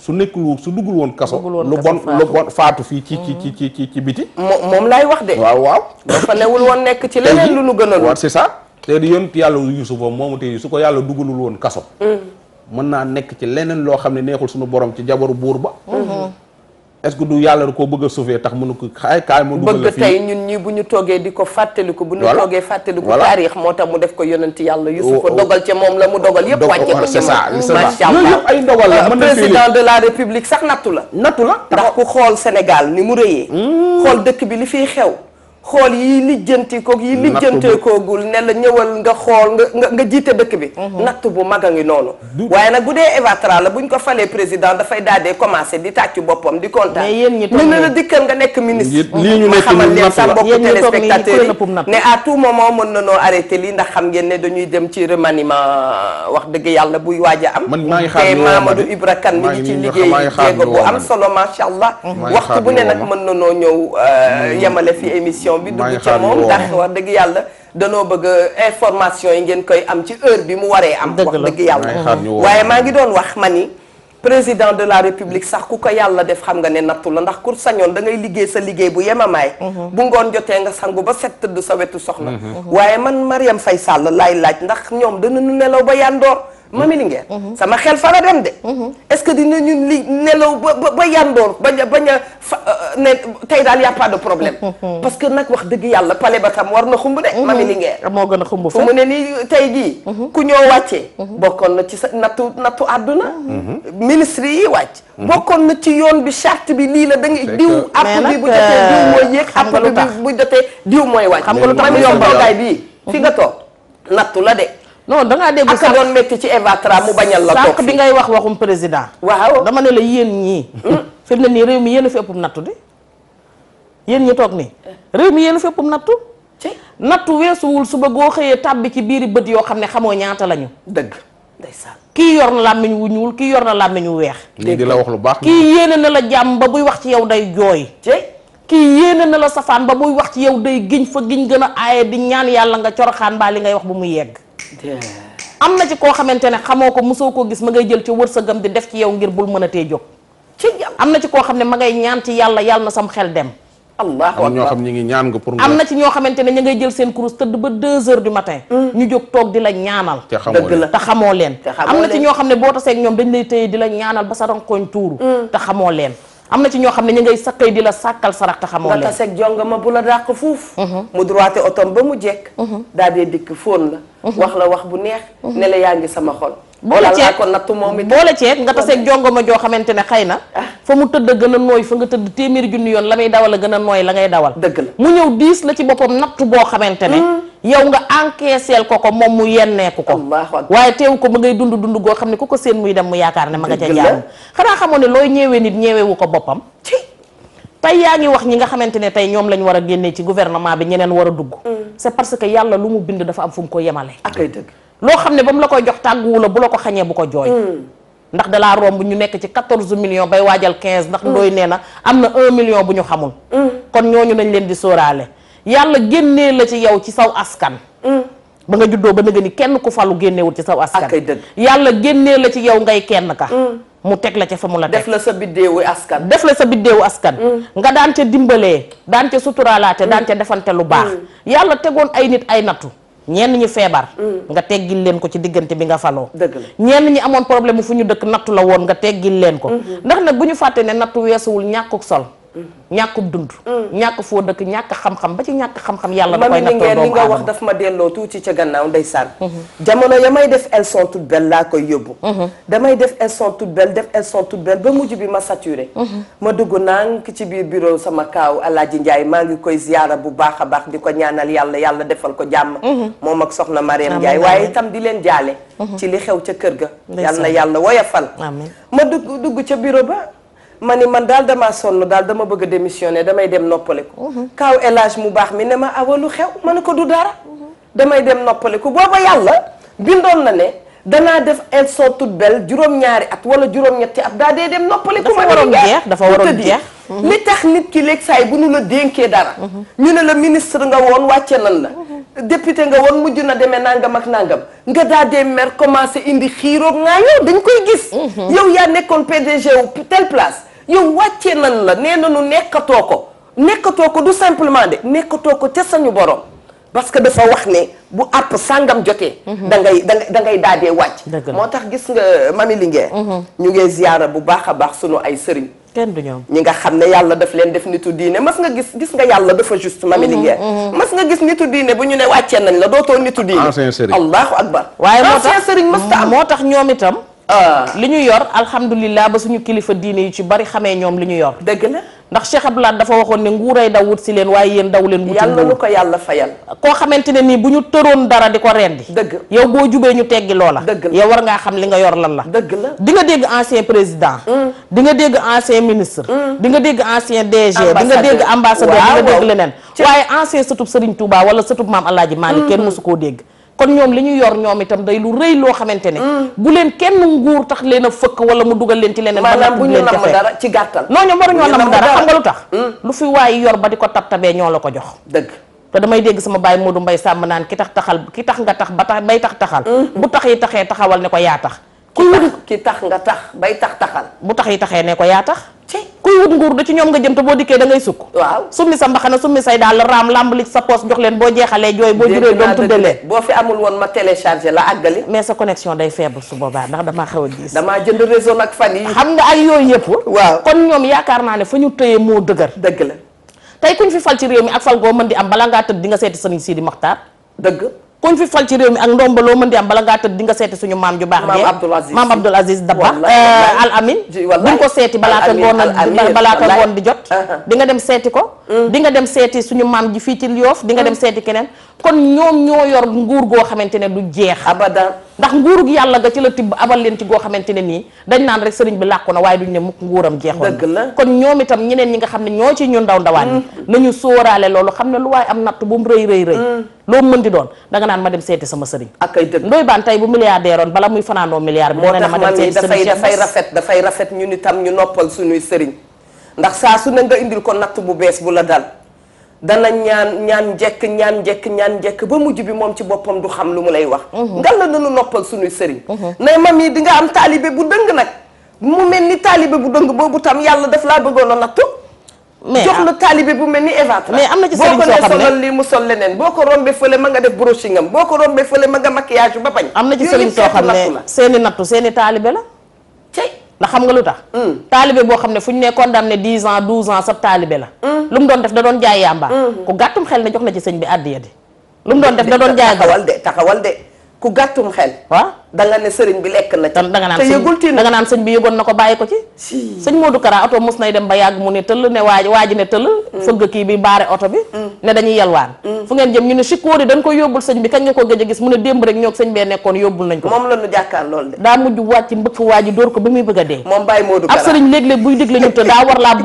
Speaker 2: su nekkul su duggul woon kaso lu bon lu faatu fii ci mm-hmm. ci ci ci ci biti moom laay wax de waaw waaw dafa newul woon nekk ci leneen lu nu gënal waaw c'est ça te di yonent yàlla Yuusufa moomu tey su ko yàlla dugalul woon kaso
Speaker 3: mm-hmm.
Speaker 2: mën naa nekk ci leneen loo xam ne neexul suñu borom ci jabaru buur ba mm-hmm. est-ce que du yàlla da koo bëgg a sauver tax mënu ko xaay kaay ma dugal la fii
Speaker 1: bu ñu toogee di ko fàttaliku bu ñu toogee fàttaliku taarix moo tax mu def ko yonanti yàlla Yusufa oh, oh. dogal ca moom la mu dogal yëpp wàcce ko c'est ça macha allah yooyu yëpp ay ndogal la mën na euh, président de la république sax nattu la ndax ku xool Sénégal ni mu rëyee hmm. xool dëkk bi li fiy xew xool yi lijjanti koog yi lijjantee koogul ne la ñëwal nga xool nga nga jiite dëkk bi mhm. natt bu mag a ngi noonu waaye nag bu dee Eva Tra la buñ ko falee président dafay daal dee commencé di tàccu boppam di kontaan ñu ne la dikkal nga nekk ministre ma xamal leen sa mbokk téléspectateurs yi ne à tout moment mën na noo arrêté lii ndax xam ngeen ne dañuy dem ci remaniement wax dëgg yàlla buy waaj am te Mamadou Ibra Kane mi ngi ci liggéey jéego bu am solo macha allah waxtu bu ne nag mën na noo ñëw euh, mm. yemale fi émission émission bi dugg ca moom ndax wax dëgg yàlla danoo bëgg information yi ngeen koy am ci heure bi mu waree am wax dëgg yàlla waaye maa ngi doon wax ma ni président de la république sax ku ko yàlla def xam nga ne nattu la ndax kur sañoon da liggéey sa liggéey bu yemamaay mhm. bu ngoon jotee nga sangu ba set tëdd sa wetu soxna mhm. waaye man Mariam Faye Sall laay laaj ndax ñoom dana nu nelaw ba yandoor mami Linguère sama xel fa la dem de est-ce que dina ñu li nelaw ba ba yandoor bañ a bañ a fa euh, euh, ne tey daal y a pas de problème parce que nag wax dëgg yàlla pale ba tam war na xumb de mami Linguère moo gën a xumb fu mu ne nii tey jii ku ñoo wàccee bokkoon na ci sa nattu nattu àdduna ministre yi wàcc bokkoon na ci yoon bi charte bi lii la da ngay diw app bi bu jotee diw mooy euh, yéeg app mooy wàcc xam nga lu tax mami yoon boogaay bii fi nga toog nattu la de non da ngaa dégg sax doon métti ci Eva Tra mu bañal la toog bi ngay wax waxum président. waaw dama ne la yéen ñii. Mm. fi mu ne nii réew mi yéen a fi ëpp nattu de toog nii yéen a fi ëpp nattu. nattu weesuwul suba goo xëyee tàbbi ci biiri bët yoo xam ne xamoo ñaata lañu. dëgg ndeysaan kii yor na làmmiñ wu ñuul kii yor na làmmiñ wu weex.
Speaker 2: lii la wax lu baax.
Speaker 1: kii yéene na la jàmm ba buy wax ci yow day jooy. kii yéene na la safaan ba buy wax ci yow day giñ fa giñ gën a aaye di ñaan yàlla nga coroxaan baa li ngay wax bu yegg am na ci koo xamante ne xamoo ko mosoo koo gis ma ngay jël ci wërsëgam di def ci yow ngir bul mën a tee am na ci koo xam ne ma ngay ñaan ci yàlla yàlla na sam xel dem am
Speaker 2: na
Speaker 1: ci ñoo xamante ne ñu ngay jël seen kurus tëdd ba deux heures du matin mm. ñu jóg toog di la ñaanal te xamoo leen am na ci ñoo xam ne boo tasee ñoom dañ lay téye di la ñaanal ba sa rankoñ tuuru mm. te xamoo leen am na ci ñoo xam ne ñu ngay sakkay di la sàkkal sarax te leen nga taseeg jonga bu la dàq fuuf mhm. mu droité otom ba mu jekk mhm. daal dee dikk fóon la mhm. wax la wax bu neex ne la yaa ngi sama xol boole ceeg ko nattu moom it boole ceeg nga taseeg jongoma joo xamante ne xëy na ah. fa mu tëdd a gën a nooy fa nga tëdd téeméer junni yoon la muy dawal a gën a nooy la ngay dawal dëgg la mu ñëw diis la ci boppam nattu boo xamante ne mm. yow nga encaisseel ko ko moom mu yenneeku ko waaye teew ko ba ngay dund dund goo xam ne ku ko seen muy dem mu yaakaar ne ma nga ca jàmm xanaa xamoon ne looy ñeewee nit ñeewewu ko boppam ci tey yaa ngi wax ñi nga xamante ne tey ñoom lañ war a génnee ci gouvernement bi ñeneen war a dugg mm. c'est parce que yàlla lu mu bind dafa am fu mu ko yemale loo xam ne ba mu la koy jox tàgguwu la bu la ko xañee bu ko jooy mm. ndax dalaa romb ñu nekk ci 14 millions bay waajal 15 ndax mm. ndooy nee na am na 1 million bu ñu xamul kon ñooñu nañ leen di sóoraale yàlla génnee la ci yow ci saw askan mm. ba nga juddoo ba nga ni kenn ku falu génnewul ci saw askan yàlla génnee la ci yow ngay kenn ka mm. mu teg la ci fa mu la def la sa biddeewu askan def la sa biddeewu askan mm. nga daan ca dimbalee daan ca suturaalaate daan ca defante lu baax yàlla tegoon ay nit ay nattu ñenn ñi feebar nga teggil leen ko ci diggante bi nga faloo dëgg la ñenn ñi amoon problème fu ñu dëkk nattu la woon nga teggil leen ko mm-hmm. ndax nag bu ñu fàtte ne nattu weesuwul ñàkkuk sol ñàkkub dund mm. ñàkk foo dëkk ñàkk xam-xam ba ci ñàkk xam-xam yàlla da koy nattoo doomu li nga wax daf ma delloo tuuti ca gannaaw ndeysaan mm-hmm. jamono ya may def elles sont toutes belles laa koy yóbbu mm-hmm. damay def elles sont toutes belles def elles sont ba mujj bi ma saturé mm-hmm. ma dugg nànk ci biir bureau sama kaaw Alaaji Njaay maa ngi koy ziyaara bu baax a baax di ko ñaanal yàlla yàlla defal ko jàmm moom ak soxna Mariam di leen jaale ci li xew ca kër ga yàlla na yàlla woyafal ma dugg dugg bureau ba ma ni man daal damaa sonn daal dama bëgg a damay dem noppaliku. Mhm. kaw elage mu baax mi ne ma awalu xew ma ne ko du dara. damay dem noppaliku booba yàlla bindoon na ne. danaa def elles sont toutes juróom-ñaari at wala juróom-ñetti at daa dem noppali. ku ma waroon jeex dafa waroon jeex mhm. li tax nit ki léeg saay bu ñu la dénkee dara. Mhm. ñu ne la ministre nga woon wàcce nan la. député nga woon mujj na demee nangam ak nangam nga daa dee mer commencé indi xiiroog ngaa yow dañ koy gis. yow yaa nekkoon PDG wu telle place. yow wàccee nan la nee nañu nekkatoo ko nekkatoo ko du simplement de nekkatoo ko ca sañu borom parce que dafa wax ne bu àpp sàngam jotee. Mhm. da ngay da ngay daa dee wàcc. moo tax gis nga euh, mami Linguère. Mhm. ñu ngee ziyaara bu baax a baax sunu ay sëriñ.
Speaker 3: kenn du ñi
Speaker 1: nga xam ne yàlla daf leen def nitu diine mas nga gis gis nga yàlla dafa juste mami mhm, Linguère mas nga gis nitu diine bu ñu ne wàccee nañ la dootoo nitu diine. ancien sëriñ allahu akbar. waaye moo tax ancien sëriñ mas ta moo tax ñoom itam. Euh, li ñu yor alhamdulilah ba suñu kilifa diine yi ci bari xamee ñoom li ñu yor. dëgg la ndax Cheikh Abdoulaye dafa waxoon ne nguuray daw wut si leen waaye yéen daw leen. wuti yàlla lu ko yàlla fayal. koo xamante ne nii bu ñu tëroon dara di ko rendi. dëgg yow boo jubee ñu teggi loola. dëgg yow war ngaa xam li nga yor lan la. dëgg la di nga dégg ancien président. Mm. di nga dégg ancien ministre. Mm. di nga dégg ancien DG. di nga dégg ambassadeur di nga dégg leneen. waaye ancien sëtub Serigne Touba wala sëtub maam Alaaji Maalik mm. kenn mosu koo dégg kon ñoom li ñu yor ñoom itam day lu rëy loo xamante ne mm. bu leen kenn nguur tax leen a fëkk wala mu dugal leen ci leneen maanaam bu ñu nam dara ci gàttal non ñoom waru ñoo nam dara xam nga lu tax mm. lu fi waaye yor ba di ko tab-tabee ñoo la ko jox dëgg te damay dégg sama moo du mbay sàmm naan ki tax taxal ki tax nga tax ba tax bay tax taxal mm. bu tax yi taxee taxawal ne ko yaa tax kuy wut ki tax nga tax bay tax taxal bu tax yi taxee ne ko yaa tax kuy wut nguur du ci ñoom nga jëm te boo dikkee dangay sukk waaw summi sa mbaxana summi say daal raam lamb li sa poos jox leen boo jeexalee jooy boo juree doom tudde leen boo fi amul woon ma téléchargé la àggali mais sa connexion day faible su boobaa ndax damaa xaw a gis damaa jënd réseau nag fan xam nga ay yooyu yëpp waaw kon ñoom yaakaar naa ne fa ñu tëye moo dëgër dëgg la tey kuñ fi fal ci réew mi ak fal goo mën di am bala ngaa tëdd di nga seeti sëriñ Sidi Maxtaar dëgg kuñ fi fal ci réew mi ak ndomba loo mën di am bala ngaa tëdd di nga seeti suñu maam ju baax jee maam Abdoul Aziz Dabakh euh, al amin ko seeti balaata ngoon balaata ngoon di jot di nga dem seeti ko mm. di nga dem seeti suñu maam ji fii ci Yoof di nga dem mm. seeti keneen kon ñoom ñoo yor nguur goo xamante ne du jeex abadan ndax nguurug yàlla ga ci la tibb abal leen ci goo xamante ne nii dañ naan rek sëriñ bi làqu na waaye du duñ ne mukk nguuram jeexoon kon ñoom itam ñeneen ñi nga xam ne ñoo ci ñu ndaw ndawaan mm. nañu sóoraale loolu xam ne lu waaye am natt bu mu rëy rëy rëy loo mën di doon danga naan ma dem seeti sama sëriñ ak ay dëgg ndoy baan tey bu milliardaire bala muy fanaanoo milliard bi moo dafay dafay rafet dafay rafet ñun itam ñu noppal suñuy sëriñ ndax saa su ne nga indil ko natt bu bees bu la dal dana ñaan ñaan njekk ñaan njekk ñaan njekk ba mujj bi moom ci boppam du xam lu mu lay wax mhm. ngal la nanu noppal suñuy sëriñ mhm. nay mam yi di nga am taalibe bu dëng nag mu mel ni taalibe bu dëng boobu tam yàlla daf a mais jox bu mel ni Eva Tra mais am na ci sëriñ soo xam ne boo ko nee solal boo ko rombee fële ma nga def brushing am boo ko rombee fële ma nga maquillage ba bañ. am na seeni nattu seeni taalibe la. cey ndax xam nga lu tax. Hmm. taalibe boo xam ne fu ñu nee ne 10 ans 12 ans sa taalibe la. Hmm. lu mu doon def da doon jaay yàmba. Hmm. ku gàttum xel ne jox na ci sëñ bi àddiya di. lu mu doon def da doon jaay taxawal de taxawal de. ku gàttum xel. danga ne sëriñ bi lekk na. te danga naan sëñ bi yëgoon na ko bàyyi ko ci. sëñ Modou oto mos nay dem ba yàgg mu ne tëll ne waaj waaj ne tëll. fëgg mm. kii bi baare oto bi. Mm. ne dañuy yalwaan. Mm. fu ngeen jëm ñu ne Chikori dañ ko yóbbul sëñ bi kañ nga ko gëj a gis mu ne démb ñoo sëñ bee nekkoon yóbbul nañ ko. moom la jàkkaar lool de. daa mujj wàcc mbëkk fa waa dóor ko ba muy bëgg a dee. ab sëriñ léeg-léeg buy digle ñu te daa war laa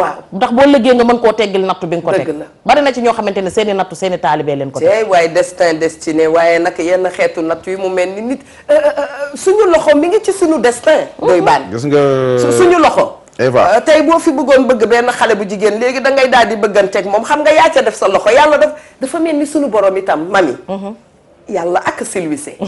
Speaker 1: waaw ndax boo lëggee nga mën koo teggil nattu bi nga ko teg bari na ci ñoo xamante ne seeni nattu seeni taalibee leen ko teg waaye destin destiné waaye nag yenn xeetu nattu yi mu mel ni nit euh, euh, euh, suñu loxo mi ngi ci suñu destin mhm. doy baan
Speaker 2: gis nga suñu loxo Eva
Speaker 1: tey boo fi bëggoon bëgg benn xale bu jigéen léegi da ngay daal di bëgganteeg moom xam nga yaa ca def sa loxo yàlla daf dafa mel ni suñu borom itam mami mhm. yàlla ak silwise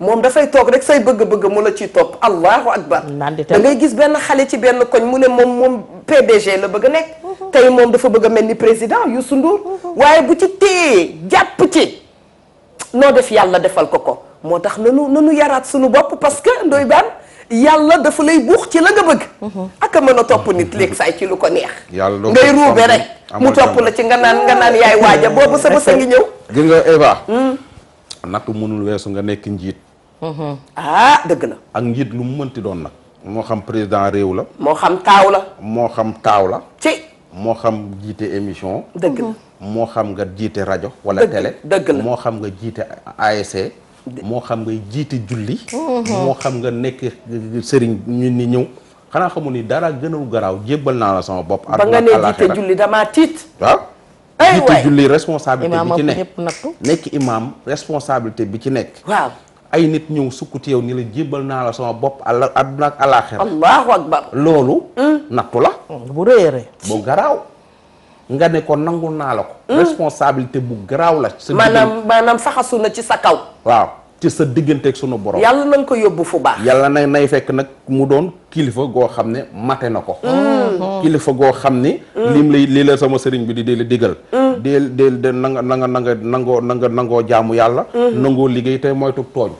Speaker 1: moom dafay toog rek say bëgg-bëgg mu la ciy topp allahu akbar da ngay gis benn xale ci benn koñ mu ne moom moom PDG la bëgg a nekk mhm. tey moom dafa bëgg a mel ni président Youssou Ndour mhm. waaye bu ci téye jàpp ci noo def yàlla defal ko ko moo tax nanu nanu yaraat sunu bopp parce que ndoy baan yàlla dafa lay buux ci la nga bëgg mhm. ak a mën a topp nit léeg saay ci lu ko neex
Speaker 2: ngay ruube rek mu topp la ci
Speaker 1: nga naan nga naan yaay waaja boobu sa bës a ngi ñëw gis nga Eva mm.
Speaker 2: nattu mënul weesu nga nekk njiit
Speaker 1: ah dëgg la.
Speaker 2: ak njiit lu mu mënti doon nag. moo xam président réew la. moo xam taaw la. moo xam taaw la. moo xam jiite émission. dëgg mm-hmm. xam nga jiite rajo. wala télé dëgg moo xam nga jiite ASC. E. xam nga jiite julli.
Speaker 1: Mm-hmm. moo
Speaker 2: xam nga nekk euh, sëriñ ñu ni ñëw. xanaa xamu ni dara gënal garaaw jébbal naa la sama bopp. ba nga ne jiite julli damaa tiit. waaw. jiite julli responsabilité bi ci nekk nekk imaam responsabilité bi ci nekk. ay nit ñëw sukk ci yow ni la jébal naa la sama bopp ala àdduna ak alaaxira allahu akbar loolu hmm. nattu la hmm, bu réyëree bu garaaw nga ne ko nangul naa la ko hmm. responsabilité bu garaaw la sa maanaam
Speaker 1: maanaam na ci sa kaw
Speaker 2: waaw ci sa digganteeg sunu borom yàlla na ko yóbbu fu baax yàlla na nay fekk nag mu doon kilifa goo xam ne mate na ko kilifa goo xam ni lim la lii la sama sëriñ bi di dee la digal déel déel de nanga nanga nanga nangoo nanga nangoo jaamu yàlla mhm. nangoo liggéey tey moytu tooñ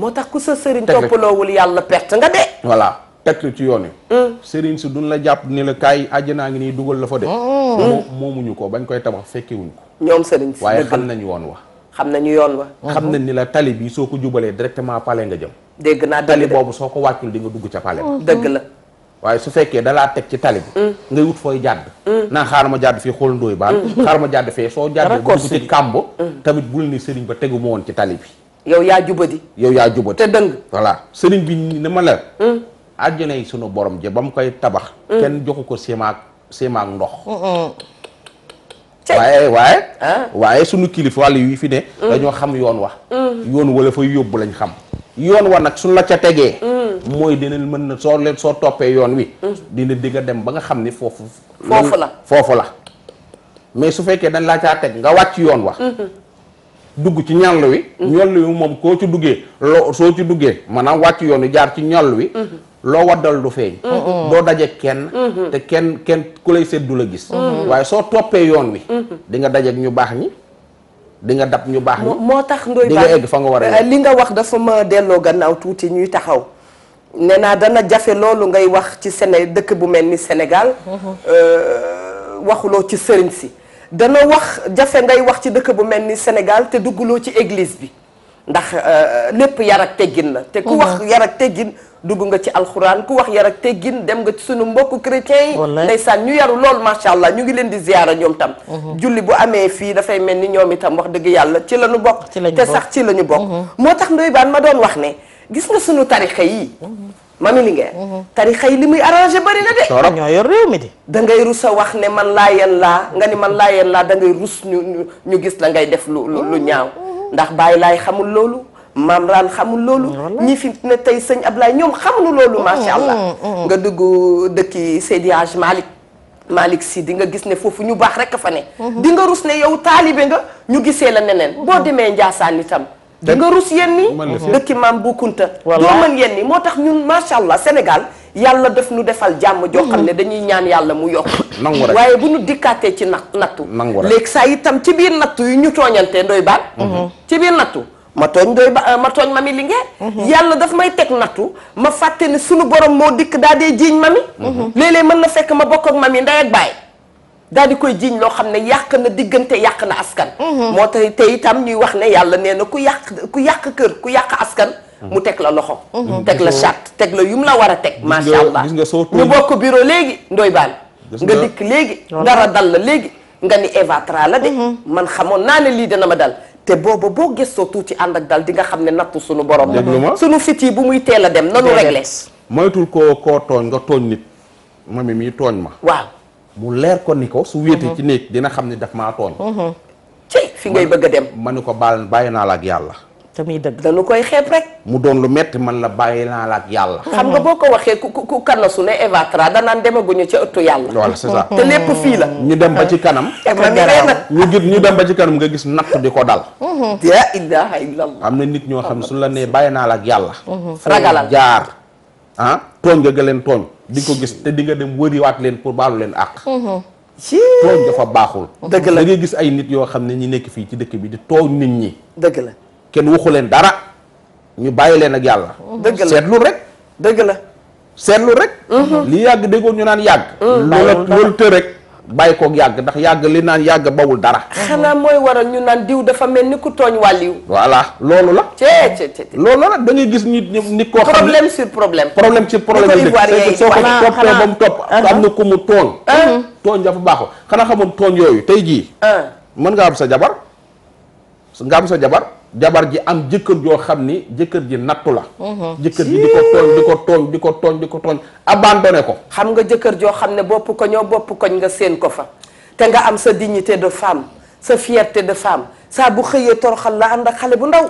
Speaker 1: moo tax ku sa sëriñ toppaloowul yàlla perte nga de
Speaker 2: voilà teg ci yoon yi mm. sëriñ si duñ la jàpp ni la kaay naa ngi nii dugal la fa de oh. moomuñu ko bañ koy tabax fekkewuñ ko
Speaker 1: ñoom sëriñ si waaye xam nañu yoon wa xam nañu yoon wa uh-huh. xam na
Speaker 2: ni la tali bi soo ko jubalee directement pale nga jëm dégg naa tali boobu soo ko wàccul di nga dugg ca pale dëgg la waaye su fekkee dalaa teg ci tali bi mm. ngay wut fooy jàdd mm. naa xaaral ma jàdd fii xool ndóoy baan mm. xaaral ma jàdd fee soo jàddee bu ci kàmb tamit bul ni sëriñ ba tegu ma woon ci tali bi yow yaa jubadi yow yaa jubadi te dëng voilà sëriñ bi ni ma la àjjana yi suñu borom je ba mu koy tabax kenn joxu ko sémaak sémaak ndox
Speaker 3: waaye waaye
Speaker 2: ah. waaye sunu kilif wàll yi fi ne dañoo xam yoon wa yoon wala fa yóbbu lañ xam yoon wa nag suñ la ca tegee mooy dina mën na soo leen soo toppee yoon wi. Mm-hmm. dina di dem ba nga xam ni foofu. foofu la mais su fekkee dañ laa caa teg nga wàcc yoon wax mm-hmm. dugg ci ñoll wi. Mm-hmm. ñoll wi moom koo ci duggee loo soo ci duggee maanaam wàcc yoon wi jaar ci ñoll wi. loo waddal du feeñ. doo daje kenn. te kenn kenn ku lay seet du la gis. waaye soo toppee yoon wi. di nga dajeeg ñu baax ñi. dinga nga dab ñu baax ñi.
Speaker 1: moo tax ndoy baax nga fa nga war euh, li nga wax dafa ma delloo gannaaw tuuti ñuy taxaw. ne naa dana jafe loolu ngay wax ci sene dëkk bu mel ni Sénégal. Mhm. Euh, waxuloo ci sëriñ si. dana wax jafe ngay wax ci dëkk bu mel ni Sénégal te dugguloo ci église bi ndax euh, lépp yar ak teggin la. te ku mhm. wax yar ak teggin dugg nga ci alxuraan ku wax yar ak teggin dem nga ci mbokk mbokku chrétien yi. ndeysaan ñu yaru lool macha allah ñu ngi leen di ziyaara ñoom tam. Mhm. julli bu amee fii dafay mel ni ñoom itam wax dëgg yàlla ci la ñu bokk. te sax ci lañu ñu bokk. moo tax ndoy ma doon wax ne. gis nga suñu tarixa yi ma mami Linguère tarixa yi li muy arrangé bari na de torop di da ngay rus a wax ne man laa laayeen laa nga ne man laa laayeen laa dangay ngay rus ñu gis la ngay def lu lu ñaaw ndax bàyyi laay xamul loolu maam raan xamul loolu ñi fi ne tey sëñ Ablaye ñoom xamuñu loolu macha mm, mm, allah mm, nga dugg dëkki Seydi Hadj Malick si Sy di nga gis ne foofu ñu baax rek a fa ne mm-hmm. di nga rus ne yow taalibe nga ñu gisee la neneen boo demee Njaasaan itam da nga rus yenn yi mhm. dëkki maam bu kunta doo mën yenn yi moo tax ñun macha allah Sénégal yàlla daf nu defal jàmm joo xam ne mhm. dañuy ñaan yàlla mu yokk nangu rek waaye bu ñu dikkaatee ci na nattu nangu rek léegi saa itam ci biir natt yu ñu tooñantee ndoy baat mhm. ci biir nattu ma tooñ ndoy ba ma tooñ mami lingeer yàlla daf may teg nattu ma fàtte ne sunu borom moo dikk daa dee jiiñ mami léeg mën na fekk ma bokk ak mami ndey ak baay daal di koy jiiñ loo xam ne yàq na diggante yàq na askan mhm. moo tax te itam ñuy wax ne yàlla nee na ku yàq ku yàq kër ku yàq askan mhm. mu teg la loxo mhm. teg la charte teg la yu mu la war a teg macha allah ñu bokk bureau léegi ndoy baal nga dikk léegi dara dal la léegi nga ni Eva la de man xamoon naa ne lii dina ma dal te booba boo gëstoo tuuti ànd ak dal di nga xam ne nattu suñu borom ma suñu fit yi bu muy teel a dem nanu réglé
Speaker 2: moytul koo koo tooñ nga tooñ nit mami mu leer ko ni ko su wéetee ci uh-huh. néeg dina xam ni daf maa tooñ uh-huh. ci fi ngay bëgg a dem ma ni ko baal bàyyi naa la ak yàlla te muy dëgg koy xeeb rek mu doon metti man la bàyyi naa la yàlla uh-huh. xam nga
Speaker 1: boo ko waxee ku ku kanasu ne évatra danaan demaguñu ca ëttu yàlla voilà c'est ça te lépp
Speaker 2: fii la ñu dem ba ci kanam ñu gis ñu dem ba ci kanam nga gis natt di ko dal
Speaker 1: la ilaha illallah
Speaker 2: am na nit ñoo xam su la nee bàyyi naa la yàlla ragalal ah tooñ nga nga leen tooñ di ko gis te di nga dem wëriwaat leen pour baalu leen àq mm-hmm. tooñ dafa baaxul dëgg la da gis ay nit yoo xam ne ñi nekk fii ci dëkk bi di tooñ nit ñi dëgg la kenn waxu leen dara ñu bàyyi leen ak yàlla mm-hmm. dëgg la seetlu rek dëgg la seetlu rek mm-hmm. li yàgg déggoon ñu naan yàgg loolu loolu rek bàyyi koog yàgg ndax yàgg li naan yàgg bawul dara.
Speaker 1: xanaa mooy waral ñu naan diw dafa mel ni ku tooñ wàlliw.
Speaker 2: voilà loolu la. cee loolu la da gis nit nit koo. xam ne problème
Speaker 1: sur problème. problème sur problème la nekk soo ko toppee ba mu
Speaker 2: topp. Uh-huh. am na ku mu tooñ. Uh-huh. tooñ dafa baaxul xanaa xamul tooñ yooyu tey jii. Uh-huh. mën nga am sa jabar nga am sa jabar. jabar ji am jëkkër joo xam ni jëkkër ji nattu la
Speaker 3: mhm.
Speaker 1: jëkkër ji di ko tooñ di ko tooñ di ko tooñ di ko tooñ ko xam nga jëkkër joo xam ne bopp ko ñoo bopp koñ nga seen ko fa te nga am sa dignité de femme sa fierté de femme saa bu xëyee toroxal la ànd ak xale bu ndaw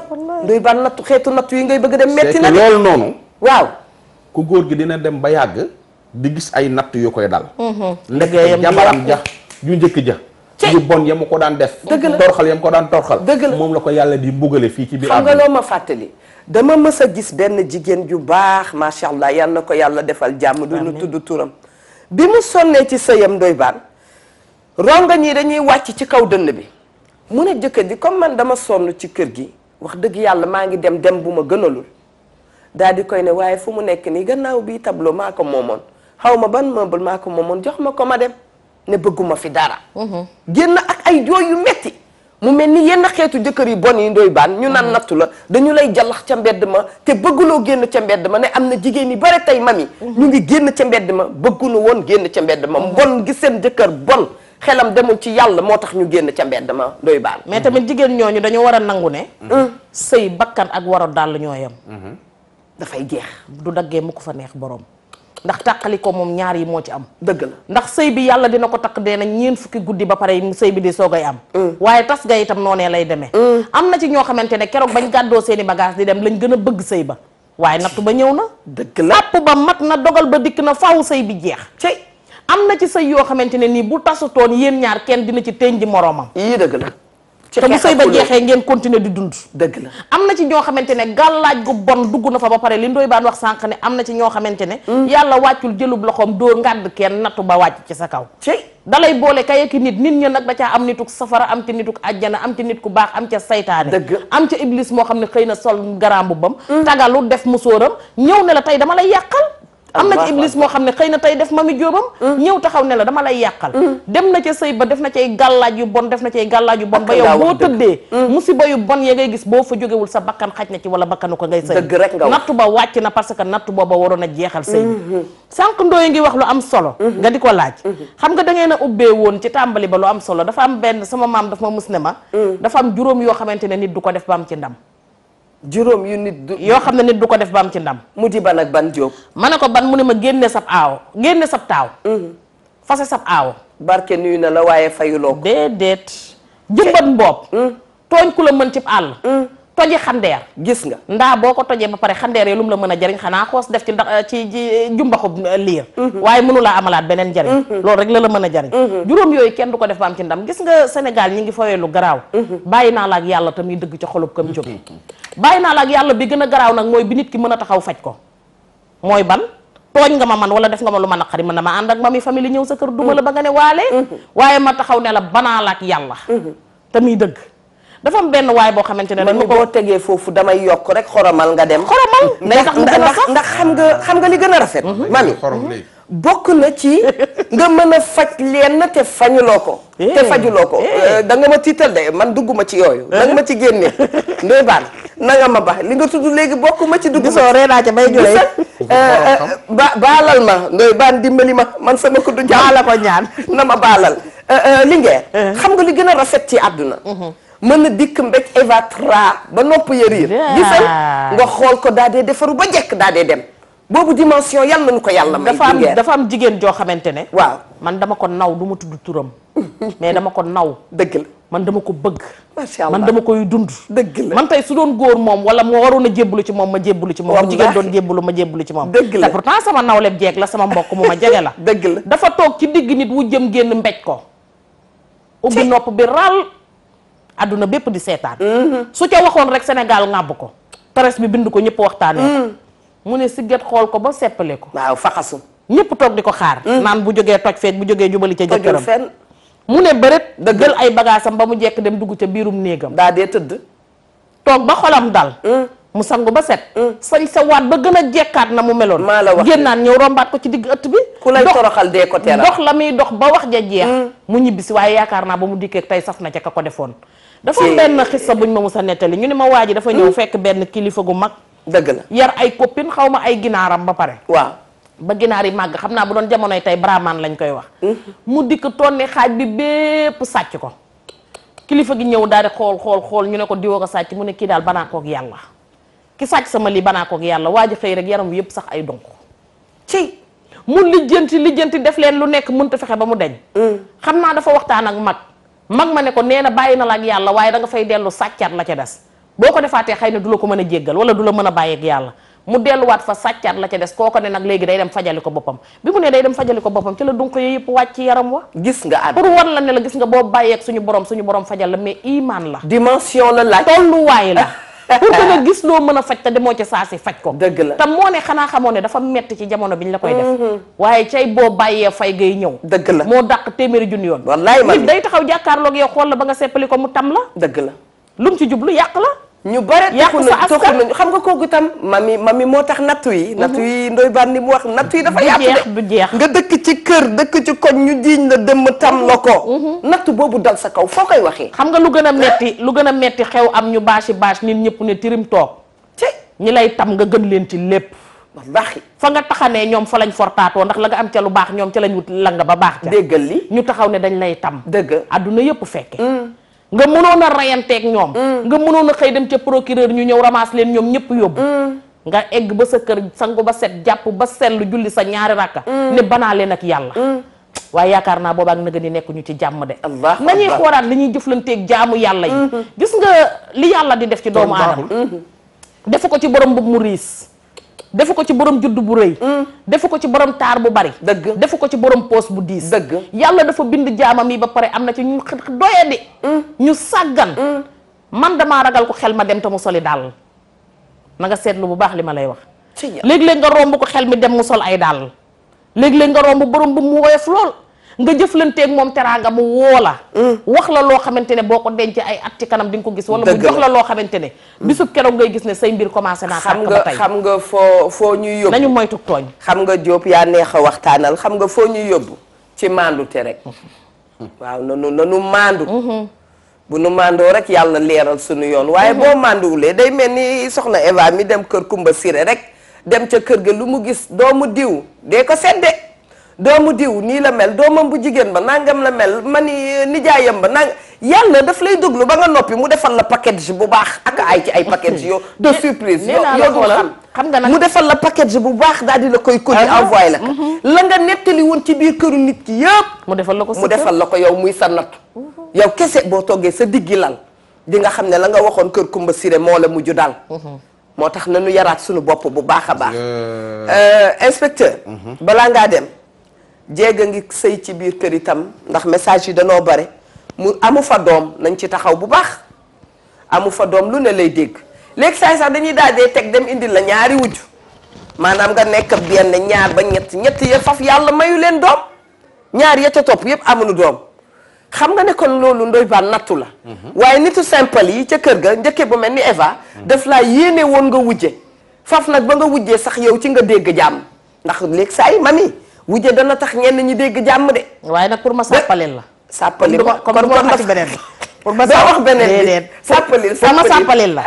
Speaker 1: nduy ban nattu xeetu nattu yi ngay bëgg dem metti na loolu noonu waaw ku góor gi dina dem ba yàgg di gis ay natt yu koy dal
Speaker 3: mhm. ndeke jabaram ja
Speaker 2: ju njëkk ja yu bon ya mu ko daan def torxal ya mu ko
Speaker 1: daan torxal dëgg la moom la ko yàlla di mbugale fii ci biir xam nga ma fàttali dama mës a gis benn jigéen ju baax macha allah yal na ko yàlla defal jàmm du ñu tudd turam bi mu sonnee ci sëyam doy baan rongañ yi dañuy wàcc ci kaw dënn bi mu ne jëkkër ji comme man dama sonn ci kër gi wax dëgg yàlla maa ngi dem dem bu ma gënalul daal di koy ne waaye fu mu nekk nii gannaaw bii tableau maa ko moomoon xaw ma ban meuble maa ko moomoon jox ma ko ma dem ne bëgguma fi dara. Mhm. génn ak ay jooy yu metti mu mel ni yenn xeetu jëkkër yi bon yi ndoy baan ñu naan mhm. nattu la dañu lay jallax ca mbedd ma te bëgguloo génn ca mbedd ma ne am na jigéen yi bare tey mami mhm. ñu ngi génn ca mbedd ma bëggunu woon génn ca mbedd ma mbon gi seen jëkkër bon xelam demul ci yàlla moo tax ñu génn ca mbedd ma ndoy baan mais tamit jigéen ñooñu dañu war a nangu ne sëy bakkan ak waro dàll ñooyam dafay jeex du daggee mu ko fa neex borom ndax tàqali ko moom ñaar yi moo ci am dëgg la ndax sëy bi yàlla dina ko takk dee nañ ñeen fukki guddi ba pare sëy bi di soogay am mm. waaye tas ga itam noonee lay demee mm. am na ci ñoo xamante ne keroog bañ gàddoo seeni bagage di dem lañ gën a bëgg sëy ba waaye nattu ba ñëw na dëgg la àpp ba mat na dogal ba dikk na faaw sëy bi jeex am na ci sëy yoo xamante ne nii bu tasutoon yéen ñaar kenn dina ci teñ ji moroomam yii dëgg la
Speaker 3: te bu sëy ba jeexee
Speaker 1: ngeen continuer di dund dëgg la am na ci ñoo xamante ne gàllaaj gu bon dugg na fa ba pare li ndooy baan wax sànq ne am na ci ñoo xamante ne hmm. yàlla wàccul jëlub loxoom doo ngàdd kenn nattu ba wàcc ci sa kaw dalay boole kay ki nit nit ña nag da caa am nituk safara am ci nituk am ci nit ku baax am ca saytaane dëgg am ca iblis moo xam ne xëy na sol garaam bu bam hmm. tagalu def musóoram ñëw ne la tey dama lay yàqal am na ci iblis moo xam ne xëy na tey def ma mami jóobam mm. ñëw taxaw ne la dama lay yàqal mm. dem na ca sëy ba def na cay gàllaaj yu bon def na cay gàllaaj yu bon ba yow boo tëddee mm. musiba yu bon ya ngay gis boo fa jógewul sa bakkan xaj na ci wala bakkanu ko ngay sëy rek nga nattu ba wàcc na parce que nattu booba waroon a jeexal sëy bi mm-hmm. sànq ndooy ngi wax lu am solo mm-hmm. nga di ko laaj mm-hmm. xam nga da ngeen ubbee woon ci tàmbali ba lu am solo dafa am benn sama maam dafa ma mus ma dafa am juróom yoo xamante ne nit du ko def ba ci ndam juróom yu nit du yoo xam ne nit du ko def ba am ci ndam. mu di ban ak ban Diop. ma ne ko ban mu ne ma génne sab aaw génne sab taaw. Mm-hmm. fase sab aaw. barke nuyu na la waaye fayuloo ko. déet jëmbat mboob. Mm-hmm. tooñ ku la mën cib àll. Mm-hmm. toje xandeer gis nga ndaa boo ko tojee ba pare xandeer yi lu mu la mën a jariñ xanaa xoos def ci ndax eh, ci eh, jumbaxub eh, liir mhm. waaye mënu laa amalaat beneen jariñ mhm. loolu rek la la mën a jariñ mhm. juróom yooyu kenn du ko def ba am ci ndam gis nga senegal ñi ngi fawee lu garaaw bàyyi naa la ak yàlla dëgg ci xolub kam jóg bàyyi naa la yàlla bi gën a garaaw nag mooy bi nit ki mën a taxaw faj ko mooy ban tooñ nga ma man wala def nga ma lu ma naqari mën na ma ànd ak mami famille ñëw sa kër duma la ba nga ne waale waaye ma taxaw ne la banaa la ak yàlla tamit dëgg dafa am benn waay boo xamante ne man boo tegee foofu damay yokk rek xoromal nga dem xoromal xam nga xam li gën a rafet mhm. mami mhm. bokk na ci nga mën a faj lenn te fañuloo ko eh. te ko eh. euh, da nga ma tiital de man dugguma ci yooyu da nga eh. ma ci génne ndoy baan na nga ma bax li nga tudd léegi bokk ma ci dugg soo reenaa ca bay jule euh, euh, ba baalal ma ndoy baan dimbali ma man sama ko du ñaan la ko ñaan na ma baalal li ngeen xam nga li gën a rafet ci àdduna mhm. mën na dikk mbéj évatra ba nopp yëriir gisal nga xool ko daa dee defaru ba jekk daa dee dem boobu dimension yal nañu ko yàlla may dafa am dafa am jigéen joo xamante ne waaw man dama ko naw du ma tudd turam mais dama ko naw dëgg la man dama ko bëgg macha allah man dama koy dund dëgg la man tey su doon góor moom wala moo waroon a jébbalu ci moom ma jébbalu ci moom bu jigéen doon jébbalu ma jébbalu ci moom dëgg la te pourtant sama nawleb jeeg la sama mbokk mu ma jege la dëgg la dafa toog ci digg nit wu jëm génn mbéj ko ubbi àdduna bépp di seetaan mm-hmm. su ca waxoon rek Sénégal ŋàbb ko presse bi bind ko ñëpp waxtaanee mm. mu ne sigget xool ko ba seppale ko waaw faxasu ñëpp toog di ko xaar mm. naan bu jógee toj feet bu jógee jubali ca jëkkëram mu ne bëret da jël ay bagaasam ba mu jekk dem dugg ca biirum néegam daa dee tëdd toog ba xolam dal mm. mu sangu ba set. Mm. sañ sa waat ba gën a jekkaat na mu meloon. maa la wax génnaat ñëw rombaat ko ci digg ëtt bi. ku lay toroxal dee ko dox la muy dox ba wax ja jeex. Mm. mu ñibbisi waaye yaakaar naa ba mu dikkee tey saf na ca ka ko defoon. dafa am benn sa buñ ma musa nettali ñu ne ma waa ji dafa ñëw mm. fekk benn kilifa gu mag. dëgg la yar ay copine xaw ma ay ginaaram ba pare. waaw. ba ginaar yi màgg xam naa bu doon jamonoy tey brahman lañ koy wax. mu dikk tonni xaaj bi bépp sàcc ko. kilifa gi ñëw daal di xool xool xool ñu ne ko diwoo ko sàcc mu ne kii daal banaa koog yàlla. ki sàcc sama lii banaa koog yàlla waa ji xëy rek yaram yëpp sax ay donk ci mu lijjanti lijjanti def leen lu nekk mënta fexe ba mu deñ xam naa dafa waxtaan ak mag mag ma ne ko nee na bàyyi na la ak yàlla waaye da fay dellu sàccaat la ca des boo ko defaatee xëy na du la ko mën a jéggal wala du la mën a bàyyi ak yàlla mu delluwaat fa sàccaat la ca des kooko ne nag léegi day dem fajali ko boppam bi mu ne day dem fajali ko boppam ci la dunq yooyu yëpp wàcc yaram wa gis nga at pour war la ne la gis nga boo bàyyeeg suñu borom suñu borom fajal la mais imaan la dimension la laaj pour que nga gis loo mën a faj te demoo ca saa si faj ko dëgg la tam moo ne xanaa xamoon ne dafa metti ci jamono bi ñu la koy def mm-hmm. waaye cay boo bàyyee fay ngay ñëw dëgg la moo dàq téeméeri junni yoon wallaay man nit day taxaw jàkkaarloog yow xool la ba nga seppali ko mu tam la dëgg la lu mu ci jublu yàq la ñu bare taxu na na ñu xam nga kooku itam mami mami moo tax nattu yi mhm. nattu yi ndoy baan ni mu wax nattu yi dafa yaatu jeex nga dëkk ci kër dëkk ci koñ ñu jiiñ la dëmm tam la ko mhm. mhm. nattu boobu dal sa kaw foo koy waxee xam nga lu gën a metti lu gën a metti xew am ñu bâche bâche nit ñëpp ne tirim toog ci ñi lay tam nga gën leen ci lépp wallaahi fa nga taxanee ñoom fa lañ fortaatoo ndax la nga am ca lu baax ñoom ca lañ wut la nga ba baax ca déggal li ñu taxaw ne dañ lay tam dëgg adduna yëpp fekke mm. nga mënoon a rayanteeg ñoom. Mm. nga mënoon a xëy dem ca procureur ñu ñëw ramas leen ñoom ñëpp yóbbu. Mm. nga egg ba sa kër sangu ba set jàpp ba sell julli sa ñaari rakka. Mm. ne banaa leen ak yàlla. waaye yaakaar naa boobaak nag ni nekk ñu ci jàmm de nañuy xoolaat li ñuy jëflanteeg jaamu yàlla yi mm-hmm. gis nga li yàlla di def ci doomu aadama mm-hmm. def ko ci bërëm bu mu riis defu ko ci boroom juddu bu rëy. Mm. defu ko ci borom taar bu bari. dëgg defu ko ci borom poos bu diis. dëgg yàlla dafa bind jaamam yi ba pare am na ci ñu doyadi. Mm. ñu sàggan. Mm. man damaa ragal ko xel ma dem te mu soli daal na nga seetlu bu baax li ma lay wax. léeg-léeg nga romb ko xel mi dem mu sol ay daal léeg-léeg nga romb borom bu mu woyof lool. nga jëflanteeg moom teraanga mu woo la mm. wax la loo xamante ne boo ko denc ay at ci kanam di nga ko gis wala mu jox la loo xamante ne bi bisub keroog ngay gis ne say mbir commencé naa xam nga xam nga foo foo ñuy yóbbu nañu moytu tooñ xam nga Diop yaa neex a waxtaanal xam nga foo ñuy yóbbu ci maandu te rek mm-hmm. waaw nanu nanu maandu mm-hmm. bu nu mandoo rek yàlla leeral suñu yoon waaye mm-hmm. boo manduwulee day mel ni soxna Eva mi dem kër Kumba sire rek dem ca kër ga lu mu gis doomu diw dee doomu diw nii la mel doomam bu jigéen ba nangam la mel man ni eh, nijaayam ba nang yàlla daf lay déglu ba nga noppi mu defal la ji bu baax ak ay ci ay package yo de surprise yo du xam xam nga nag mu defal la package bu baax daal di la koy koni ah, ah. envoyé la ko mm-hmm. la nga nettali woon ci biir këru nit ki yëpp mu defal la ko mu defal la ko yow muy sa nattu mm-hmm. yow kese boo toggee sa diggi lal di nga xam ne la nga waxoon kër Kumba Siré moo la mujju daal mm-hmm. moo tax nu yaraat suñu bopp bu baax a baax
Speaker 3: euh,
Speaker 1: inspecteur balaa ngaa dem jéeg a ngi sëy ci biir kër itam ndax message yi danoo bare mu amu fa doom nañ ci taxaw bu baax amu fa doom lu ne lay dégg léegi saay sax dañuy daal dee teg dem indil la ñaari wujj maanaam nga nekk benn ñaar ba ñett ñett ya faf yàlla mayu leen doom ñaar ya ca topp yëpp amuñu doom xam nga ne kon loolu ndoy baan nattu la mm-hmm. waaye nitu simple yi ca kër ga njëkke bu mel ni Eva mm-hmm. daf laa yéene woon nga wujje faf nag ba nga wujjee sax yow ci nga dégg jàmm ndax léegi saa yi wujje dana tax ñenn ñi dégg jàmm de. waaye nag pour ma sàppaleel la. sàppalil ma kon kon ma beneen pour ma wax beneen bi sàppalil pour ma sàppalil la.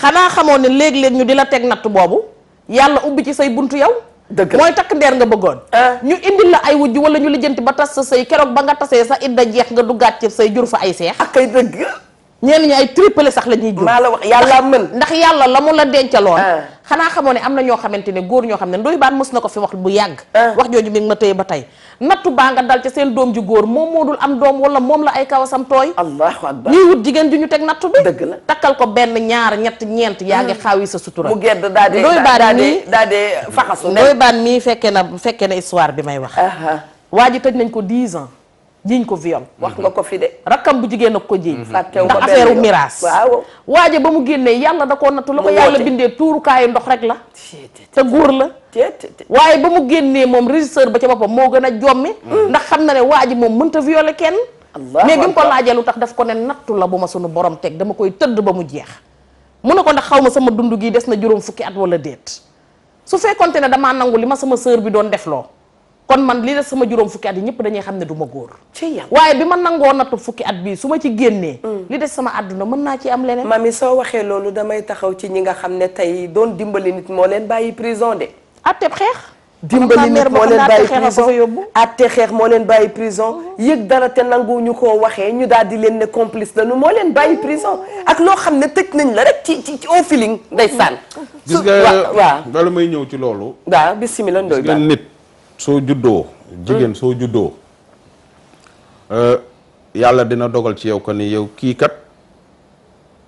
Speaker 1: xanaa xamoon ne léegi léeg ñu di la teg natt boobu yàlla ubbi ci say bunt yow. dëgg mooy takk ndeer nga bëggoon. Ah. ñu indi la ay wujj wala ñu lijjanti ba tas sa sëy keroog ba nga tasee sa idda jeex nga duggaat ci say jur fa ay seex. ak ay dëgg. ñeen ñi ay triplé sax la ñuy jur maa la wax yàlla mën ndax yàlla la mu la dencaloon ah. xanaa xamoon ne am na ñoo xamante ne góor ñoo xam ne ndoyu baan mës na ko fi wax bu yàgg ah. wax jooju mi ma tëye ba tey nattu baa nga dal seen doom ju góor moo dul am doom wala moom la ay kawasam tooy allahu akbar ñuy wut jigéen ñu teg nattu bi dëgg la takkal ko benn ñaar ñett ñeent yaa ngi ah. xaaw yi sa sutura mu gedd daa dee ndoyu baan mii daa dee faxasu ndoyu baan mii fekkee na fekkee na histoire bi may wax waa ji tëj nañ ko 10 ans jiiñ ko viol wax nga ko fi de rakkam bu jigéen ak ko jiñ mm-hmm. ndax affaire miraas waaw waaje ba mu génnee yàlla da koo natt la ko yàlla bindee tuurukaayu ndox rek la te góor la waaye ba mu génnee moom régisseur ba ca boppam moo gën a jommi mm. ndax xam na ne waaji moom mënta violé kenn mais bi mu ko laajee lu tax daf ko ne nattu la bu ma suñu borom teg dama koy tëdd ba mu jeex mu ne ko ndax xaw ma sama dund gi des na juróom fukki at wala déet su fekkonte ne damaa nangu li ma sama sœur bi doon def loo kon man lii la sama juróom fukki at yi ñëpp dañuy xam ne du ma góor waaye bi ma nangoo nattu fukki at bii su ma ci génnee mm. li des sama àdduna mën naa ci am leneen mami soo waxee loolu damay taxaw ci ñi nga xam ne tey doon dimbali nit moo leen bàyyi prison de atteb xeex dimbali nit moo leen bàyyi prison yóbbu atte xeex moo leen bàyyi prison mm. yëg dara te nangu ñu ko waxee ñu daal di leen ne complice nu moo leen bàyyi mm. prison ak loo xam ne tëj nañ la rek ci ci au feeling ndeysaan saan nga waa
Speaker 2: loolu may ñëw ci loolu waaw bismillah ndoy gis nga soo juddoo jigéen soo juddoo euh, yàlla dina dogal ci yow ko ni yow kii kat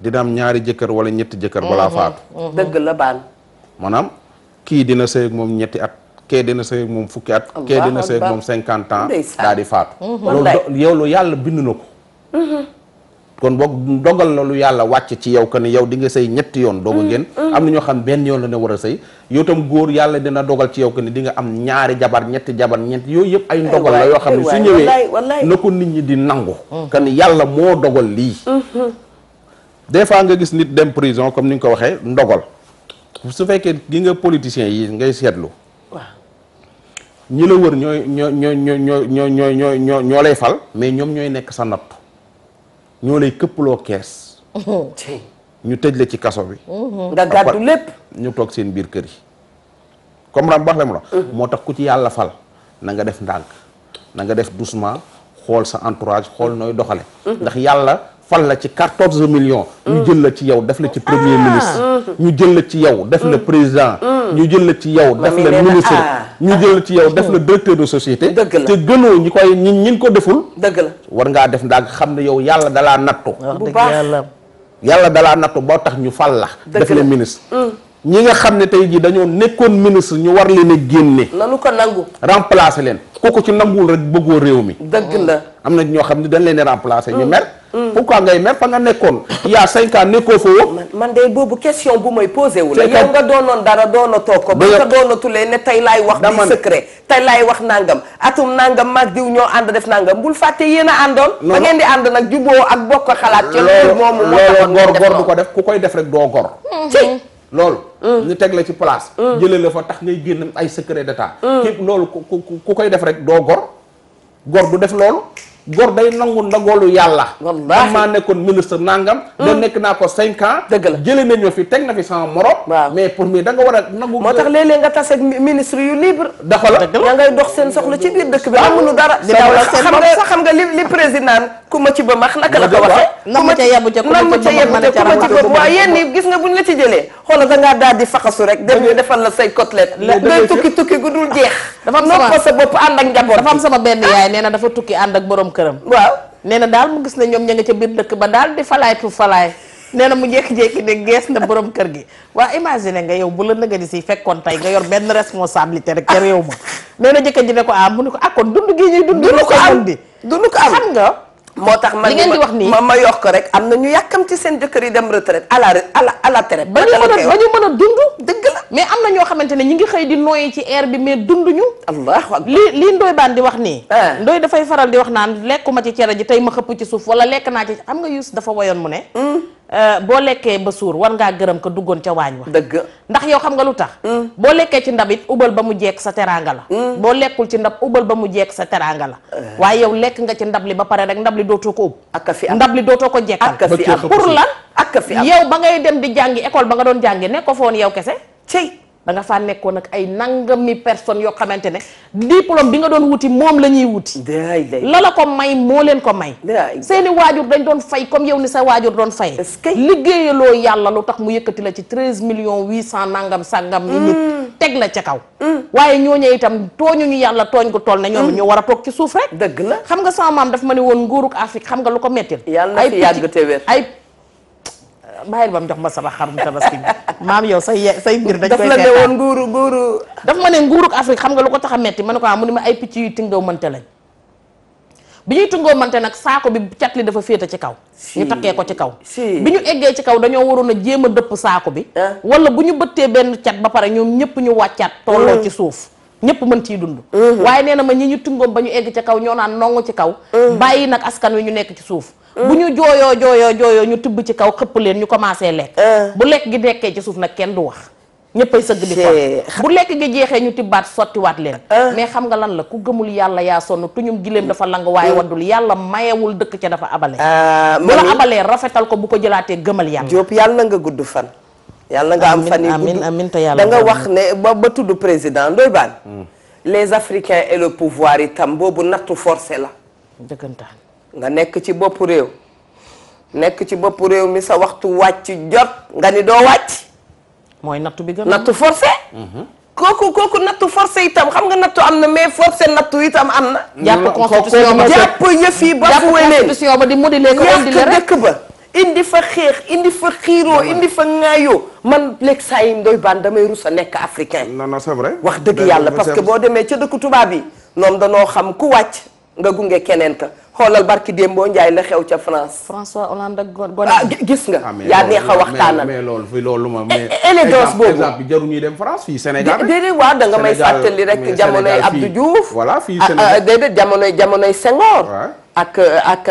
Speaker 2: dina am ñaari jëkkër wala ñetti jëkkër balaa mhm, faatu
Speaker 1: mhm. dëgg la baal
Speaker 2: maanaam kii dina sëy moom ñetti at kee dina sëy moom fukki at kee dina sëy moom cinquante ans daal di faatu
Speaker 3: mhm.
Speaker 2: yow lu yàlla bind na
Speaker 3: ko
Speaker 2: kon boog dogal la lu yàlla wàcc ci yow que ni yow di nga sëy ñetti yoon doog a mm, ngeen mm. am na ñoo xam benn yoon la ne war a sëy yow tam góor yàlla dina dogal ci yow que dinga am ñaari jabar ñetti jabar ñett yooyu yëpp ay ndogal yoo xam ne su ñëwee na ko nit ñi di nangu mm. que ni yàlla moo dogal lii mm-hmm. des fois nga gis nit dem prison comme ni nga ko waxee ndogal su fekkee gi nga politiciens yi ngay seetlu ñi la wër ñooy ñoo ñoo ñoo ñoo ñoo ñoo ñoo ñoo lay fal mais ñoom ñooy nekk sa natt ñoo lay këpploo kees. ñu tëj la ci kaso bi.
Speaker 3: nga gàddu lépp
Speaker 2: ñu toog seen biir kër yi. comme ram baax la mu mm-hmm. moo tax ku ci yàlla fal na nga def ndànk nanga def doucement xool sa entourage xool nooy doxale mm-hmm. ndax yàlla fal la ci quatorze millions ñu jël la ci yow def la ci premier ah. ministre mm. ñu jël la ci yow def la mm. président mm. Ah. ñu jël la ci yow def la ministre ñu jël la ci yow def la directeur de société te gënoo ñi koy ñi ñin ko deful dëgg war ngaa def ndaag xam ne yow yàlla dalaa nattu yàlla dalaa nattu boo tax ñu fal la def la ministre ñi nga xam ne tey jii dañoo nekkoon ministre ñu war leen a génne
Speaker 1: nanu ko nangu
Speaker 2: remplacer leen ku ko ci nanguwul rek bëggoo réew mi. dëgg la am na ñoo xam ne dañ leen di remplacer ñu mer. Mm, mm. pourquoi ngay mer fa a
Speaker 1: cinq ans nekkoo man de boobu question bu may posé wu la. yow nga doonoon dara doonatoo ko. ba nga doonatulee ne tey laay wax. dama di secret tey laay wax nangam. atum nangam mag diw ñoo ànd def nangam bul fàtte yéen a àndoon. ba ngeen di ànd nag juboo ak bokk xalaat. ci loolu moomu moo taxoon
Speaker 2: loolu gor gor du ko def ku koy def rek doo gor.
Speaker 1: Mm-hmm.
Speaker 2: loolu mm. ñu teg la ci place mm. jëlee la fa tax ngay génn ay secret d'état mm. képp loolu ku ku koy def rek doo gor gor du def loolu góor day nangu ndagoolu yàlla wallaahi maa nekkoon hmm. na fi sama morom waaw mais pour mi da a nangu moo tax
Speaker 1: léeg-léeg nga tase ak ministre yu libre dafa da ngay dox seen daal di faxasu rek dem ñu defal la say côtelette ngay tukki tukki gu dul jeex dafa am sa bopp ànd ak njaboot dafa am sama benn ah! yaay nee dafa tukki ànd ak borom këram waaw nee na daal mu gis ne ñoom ña nga ca biir dëkk ba daal di falaay tu falaay nee na mu jékki-jékki ne gees na borom kër gi waa imagine nga yow bu la nëgëni si fekkoon tey nga yor benn responsabilité rek ca réew ma nee na jëkkër ji ne ko ah mu ne ko ah kon dund gi ñuy dund dund ko ko am nga moo tax man ngeen di wax nii ma ma yokk rek am na ñu yàkkam ci seen jëkkër yi dem retraite à la à la à la ba ñu mën a a dund dëgg la mais am na ñoo xamante ne ñu ngi xëy di nooyi ci air bi mais dund ñu allahu akbar lii lii ndoy baan di wax nii ah. ndoy dafay faral di wax naan lekkuma ci cere ji tey ma xëpp ci suuf wala lekk naa ci xam nga yuus dafa woyoon mu ne hmm. Euh, boo lekkee ba suur war ngaa gërëm ko duggoon ca waañ wa dëgg ndax yow xam nga lu tax hmm. boo lekkee ci ndab it ubal ba mu jeek sa teraanga la hmm. boo lekkul ci ndab ubal ba mu jeek sa teraanga la eh. waaye yow lekk nga ci ndab li ba pare rek ndab li dootoo ko ub ak fi am ndab dootoo ko jekkal pour lan ak fi am yow ba ngay dem di jàngi école ba nga doon jàngi ne ko foon yow kese da nga faa nekkoon ak ay nangami personnes yoo xamante ne diplôme bi nga doon wuti moom la ñuy wuti. la la ko may moo leen ko may. seeni waajur dañ doon fay comme yow ni sa waajur doon fay. liggéeyaloo yàlla lu tax mu yëkkati la ci treise million huit cent nangam sangam. yi nit mm. teg la ca kaw. Mm. waaye ñooñu itam tooñuñu yàlla tooñ gu toll ne ñoom mm. ñoo war a toog ci suuf rek. dëgg la xam nga sama maam daf ma ne woon nguuruk Afrique xam nga lu ko mettil. yàlla na fi te wér ay bàyyil ba mu jox ma sama xarum tabaski bi maam yow say say mbir dañ koy daf la ne woon nguuru nguuru daf ma ne nguuruk Afrique xam nga lu ko tax a metti ma ne ko ah mu ni ma ay picc yu tingaw mënte lañ bi ñuy tungoo mante nag saako bi cat li dafa féete ci kaw ñu takkee ko ci kaw bi ñu eggee ci kaw dañoo waroon a jéem a dëpp saako bi eh. wala bu ñu bëttee benn cat ba pare ñoom ñëpp ñu wàccaat tolloo hmm. ci suuf ñëpp mën ciy dund mhm. waaye nee na ma ñi ñu tungoom ba ñu egg ca kaw ñoo naan nongu ci kaw mhm. bàyyi nag askan wi ñu nekk ci suuf mhm. bu ñu jooyoo jooyoo jooyoo ñu tibb ci kaw xëpp leen ñu commencé lekk bu lekk gi nekkee ci suuf nag kenn du wax ñëppay sëgg di lekk gi jeexee ñu tibbaat sottiwaat leen mais xam nga lan la ku gëmul yàlla yaa sonn tuñum gileem dafa lang waaye waddul yàlla mayewul dëkk ca dafa abale ah, bu la abalee rafetal ko bu ko jëlaatee gëmal yàlla Diop yàlla na nga gudd fan yàlla nga am fan amiin amiin te yàlla da nga wax ne ba tudd président Ndoye Bane hmm. les africains et le pouvoir itam boobu nattu forcé la dëggantaan nga nekk ci boppu réew nekk ci bopp réew mi sa waxtu wàcc jot nga ni doo wàcc mooy nattu bi gën nattu forcé hmm. kooku kooku nattu forcé itam xam nga nattu am na mais forcé nattu itam am na jàpp hmm. constitution ba jàpp yëf yi ba fuwe leen constitution ba di moduler ko indi rek ba indi fa xeex indi fa xiiroo indi fa ŋaayoo man léegi saa yi ndoy baan damay rus a nekk africain. non non c'est vrai. wax dëgg yàlla parce que boo demee ca dëkku tubaab yi noonu danoo xam ku wàcc nga gunge keneen ka xoolal barki Dembo Ndiaye la xew ca France. François Hollande ak Gone ah gis nga. Ah, yaa neex a waxtaanal
Speaker 2: mais loolu mais loolu ma mais. E-, élégance boobu exemple jarul ñuy dem France fii Sénégal. déedéet waaw da nga may fàttali rek jamonoy Abdou
Speaker 1: Diouf. voilà fii ah, ah, Sénégal déedéet jamonoy jamonoy ak ak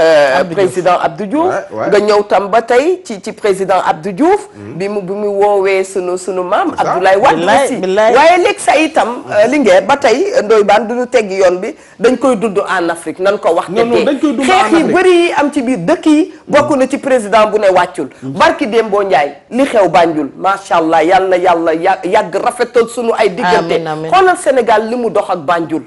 Speaker 1: président Abdou Diouf nga ñëw tam ba tey ci ci président Abdou Diouf mm-hmm. bi mu bi mu woowee sunu sunu maam Abdoulaye Wade aussi waaye léegi sa itam mm-hmm. euh, li ba tey ndoy baan duñu teggi yoon bi dañ koy dund en Afrique nan ko wax tegee xeex yi bëri yi am ci biir dëkk yi mm-hmm. bokk na ci président bu ne wàccul barki boo Ndiaye li xew Banjul macha allah yàlla yàlla yàgg rafetal sunu ay diggante xoolal Sénégal li mu dox ak Banjul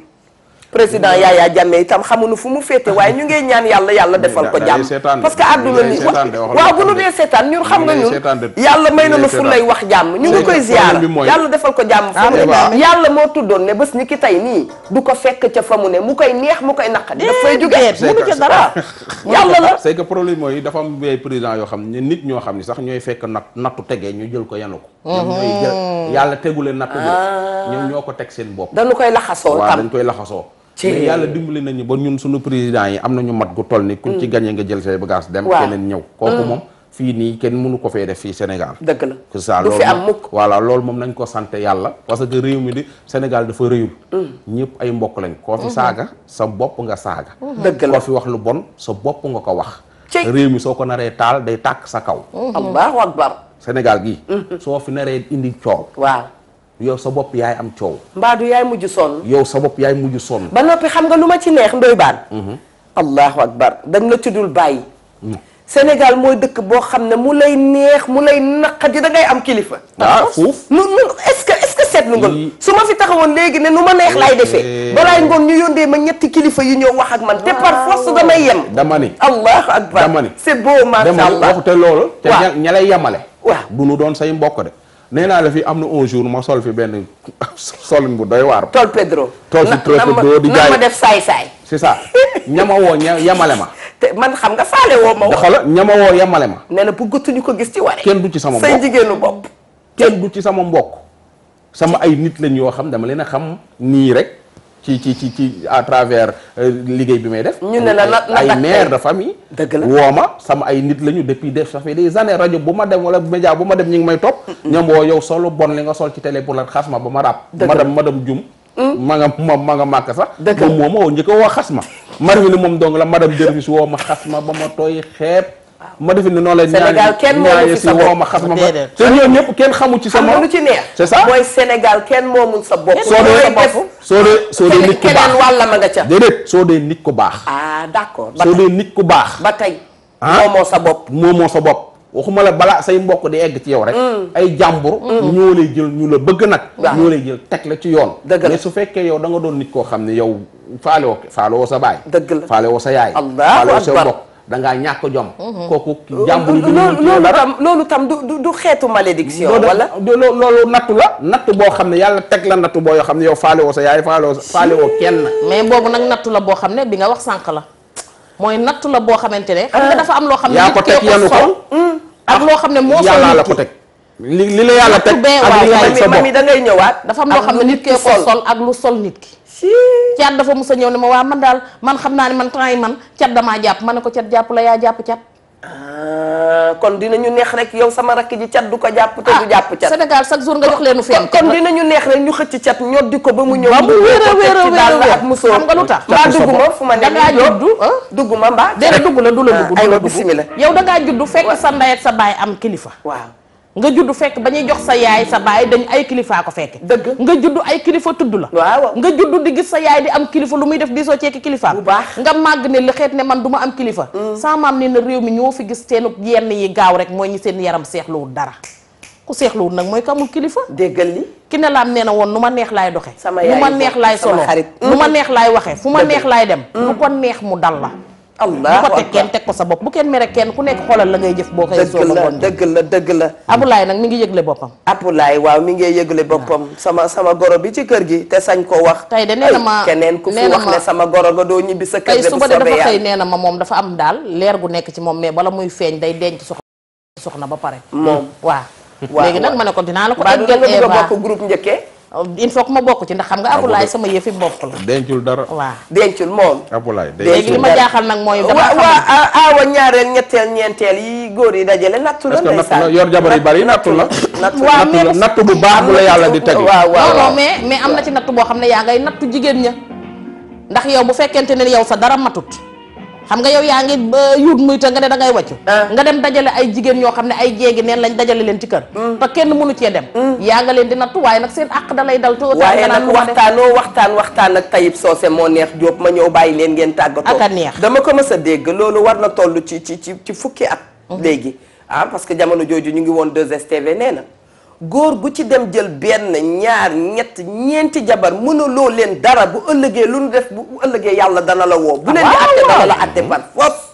Speaker 1: président yaay Yaya Jammeh itam xamuñu fu mu féete waaye ñu ngey ñaan yàlla yàlla defal ko jàmm parce que àdduna ni waaw bu nu dee seetaan ñun xam nga wax jàmm ñu ngi koy ziyaara yàlla defal ko jàmm fa yàlla moo tuddoon ne bés ni ki tey nii du ko fekk ca fa mu ne mu koy neex mu koy naqadi daf
Speaker 2: fay jóge munu ca
Speaker 3: dara yàlla la
Speaker 2: c'est que problème mooy dafa am ay président yoo xam ne nit ñoo xam ne sax ñooy fekk nat nattu tegee ñu jël ko yanu ko ñoom ñooy jël mm-hmm. yàlla tegule nattu
Speaker 3: ah.
Speaker 2: ñoom ñoo ko teg seen bopp dañu koy laxasoo tam dañ koy laxasoo mais yàlla dimbali nañu ba ñun suñu président yi am nañu mat gu toll ni ku ci mm. gagné nga jël say bagage dem keneen ñëw kooku mm. moom fii nii kenn mënu ko fee def fii Sénégal dëgg la que ça loolu am mukk voilà loolu moom nañ ko sant yàlla parce que réew mi di Sénégal dafa réyul mm. ñëpp ay mbokk lañ koo fi mm-hmm. saaga sa bopp nga saaga mm-hmm. dëgg la koo fi wax lu bon sa bopp nga ko wax réew mi soo ko naree taal day tàkk sa kaw mm-hmm. Allahu akbar Sénégal gii soo fi naree indi coow yow sa bopp
Speaker 1: yaay am coow. mbaadu yaay mujj sonn. yow sa bopp yaay mujj sonn. ba noppi xam nga lu ma ci neex ndoy baan. Mhm. allahu akbar dañ ci dul bàyyi. Sénégal mooy dëkk boo xam ne mu lay neex mu lay naqadi da ngay am kilifa. ah fuuf nu nu ce que est-ce que seetlu nga. su ma fi taxawoon léegi ne nu ma neex laay defee. balaay ngoon ñu yóndee ma ñetti kilifa yu ñëw wax ak man. te par force damay yem.
Speaker 2: dama ni allahu akbar dama ni c'est beau macha allah. ña lay yemale. waaw du nu doon say mbokk de. nee naa la fi am na un jour ma sol fi benn solin bu doy waar. tol Pedro. tol fi Pedro di jaay ma
Speaker 1: def saay saay.
Speaker 2: c'est ça ñama woo ña yemale ma.
Speaker 1: te man xam nga faale ma. xoolal
Speaker 2: ñama woo yemale ma. nee na bu gëtuñu ko gis ci waree. kenn du ci sama mbokk say jigéenu bopp. kenn du ci sama mbokk. sama ay nit lañ yoo xam dama leen a xam nii rek. ci ci ci ci à travers euh, liggéey bi may def. ñu ne la la ay mère de famille. dëgg la ma sama ay nit lañu depuis des ça fait des années rajo bu ma dem wala média bu ma dem ñu ngi may topp. ñoom woo yow solo bon li nga sol ci télé pour la xas ma ba ma ràpp. ma madam Jum. Hmm? ma nga ma nga màkk sax. dëgg la moom moo njëkk a woo xas ma. mari moom dong la dem Dervis woo ma xas ma ba ma tooy xeeb. ma defin ne noonu la Sénégal kenn moomu ci sa bopp ma xas ma fa te ñoom ñëpp kenn xamu ci sa moom lu ci
Speaker 1: neex mooy Sénégal kenn moomu sa bopp soo dee
Speaker 2: soo dee soo nit ku baax wàlla ma nga soo dee nit ku baax
Speaker 1: ah d'accord soo dee
Speaker 2: nit ku baax ba tey ah? moomoo sa bopp moomoo sa bopp waxuma la balaa say mbokk di egg ci yow rek mm. ay jàmbur mm. Mm. ñoo lay jël ñu la bëgg nag ñoo lay jël teg la ci yoon dëgg la su fekkee yow da nga doon nit koo xam ne yow faale woo faale sa baay dëgg la
Speaker 1: faale woo sa yaay faale woo sa mbokk da ngaa ñàkk jom. Mhm. kooku euh, jàmbur yi. loolu tam loolu tam du du xeetu malédiction. wala loolu nattu la. nattu boo xam ne yàlla teg la nattu boo yoo xam ne yow faale woo sa yaay faale woo faale woo kenn. mais boobu nag nattu la boo xam ne bi nga wax sànq la mooy nattu la boo xamante ne. xam nga ah. dafa am loo xam ne. yaa ko teg ko mm. ak loo xam ne moo. yàllaa la ko teg.
Speaker 2: li li la yàlla teg ak li la teg sa da
Speaker 1: ngay ñëwaat. dafa am loo xam ne nit kee ko sol ak lu sol nit ki. cat dafa mus sa ñëw ne ma waa man daal man xam naa ne man temps yi man cat damaa jàpp ma ne ko cat jàpp yaa jàpp cat. Ah, kon dinañu neex rek yow sama rakk ji du ko jàpp ah, jàpp cat chaque jour nga jox leenu fenn kon dinañu neex rek ñu xëcc cat ñoo di ko ba mu ñëw ba mu wéer a wéer a wéer ak musoo xam ma fu ma ne ah? ma mbaa déedéet dugg la du la dugg du la dugg bismillah yow dangaa judd fekk sa ndey sa baay am kilifa waaw nga juddu fekk ba ñuy jox sa yaay sa baay dañ ay kilifaa ko fekke dëgg nga judd ay kilifa tudd la waaw nga juddu di gis sa yaay di am kilifa lu muy def diisoo ceeki kilifaa bu baax nga màgg ne li xeet ne man du ma am kilifa mm. sa maam ne na réew mi ñoo fi gis seen yenn yi gaaw rek mooy ñi seen yaram seexluwul dara ku seexluwul nag mooy kamul kilifa déggal li ki ne laam nee na woon nu ma neex laay doxe nu ma neex laay solo nu ma neex laay waxe fu ma neex laay dem mm. lu ko mu dal la allah bu ko teg kenn teg ko sa bopp bu kenn mere kenn ku nekk xoolal la ngay jëf boo koy soog a dëgg la dëgg la Abdoulaye nag mi ngi yëgle boppam Abdoulaye waaw mi ngi yëgle boppam sama sama goro bi ci kër gi te sañ ko wax tey da nee na ma keneen ku fi wax ne sama goro ga doo ñibbi sa kër tey suba de dafa xëy nee na ma moom dafa am daal leer gu nekk ci moom mais bala muy feeñ day denc soxna soxna ba pare moom waaw léegi nag ma ne ko dinaa la ko bokk groupe il faut que ma bokk ci ndax xam nga Aboulaye sama
Speaker 2: yëfi bopp la. dencul dara waaw. dencul moom. Aboulaye dencul léegi li ma jaaxal
Speaker 1: nag mooy. dama xam waa aawa ñaareel ñetteel ñeenteel yi góor yi dajale nattu la. ndeysaan nattu la
Speaker 2: yor jabar yi bari nattu la. nattu la nattu bu baax la yàlla di tegu. waaw waaw non non
Speaker 1: mais mais am na ci nattu boo xam ne yaa ngay nattu jigéen ña. ndax yow bu fekkente ne yow sa dara matut xam nga yow yaa ngi yuut muy ta nga ne da ngay wàccu ah. nga dem dajale ay jigéen ñoo xam ne ay jéegi neen lañ dajale leen ci kër mm. te kenn mënu cee dem mm. yaa nga leen di nattu waaye nag seen àq da dal too waaye nag waxtaanoo waxtaan waxtaan ak Tayib Socé moo neex Diop ma ñëw bàyyi leen ngeen tàggatoo ak a neex dama ko mës a dégg loolu war na tollu ci ci ci ci fukki at mm. léegi ah parce que jamono jooju ñu ngi woon 2STV nee na góor gu ci dem jël benn ñaar ñett ñeenti jabar mënuloo leen dara bu ëllëgee lu nu def bu ëllëgee yàlla dana la woo. bu ah leen di àtte dana la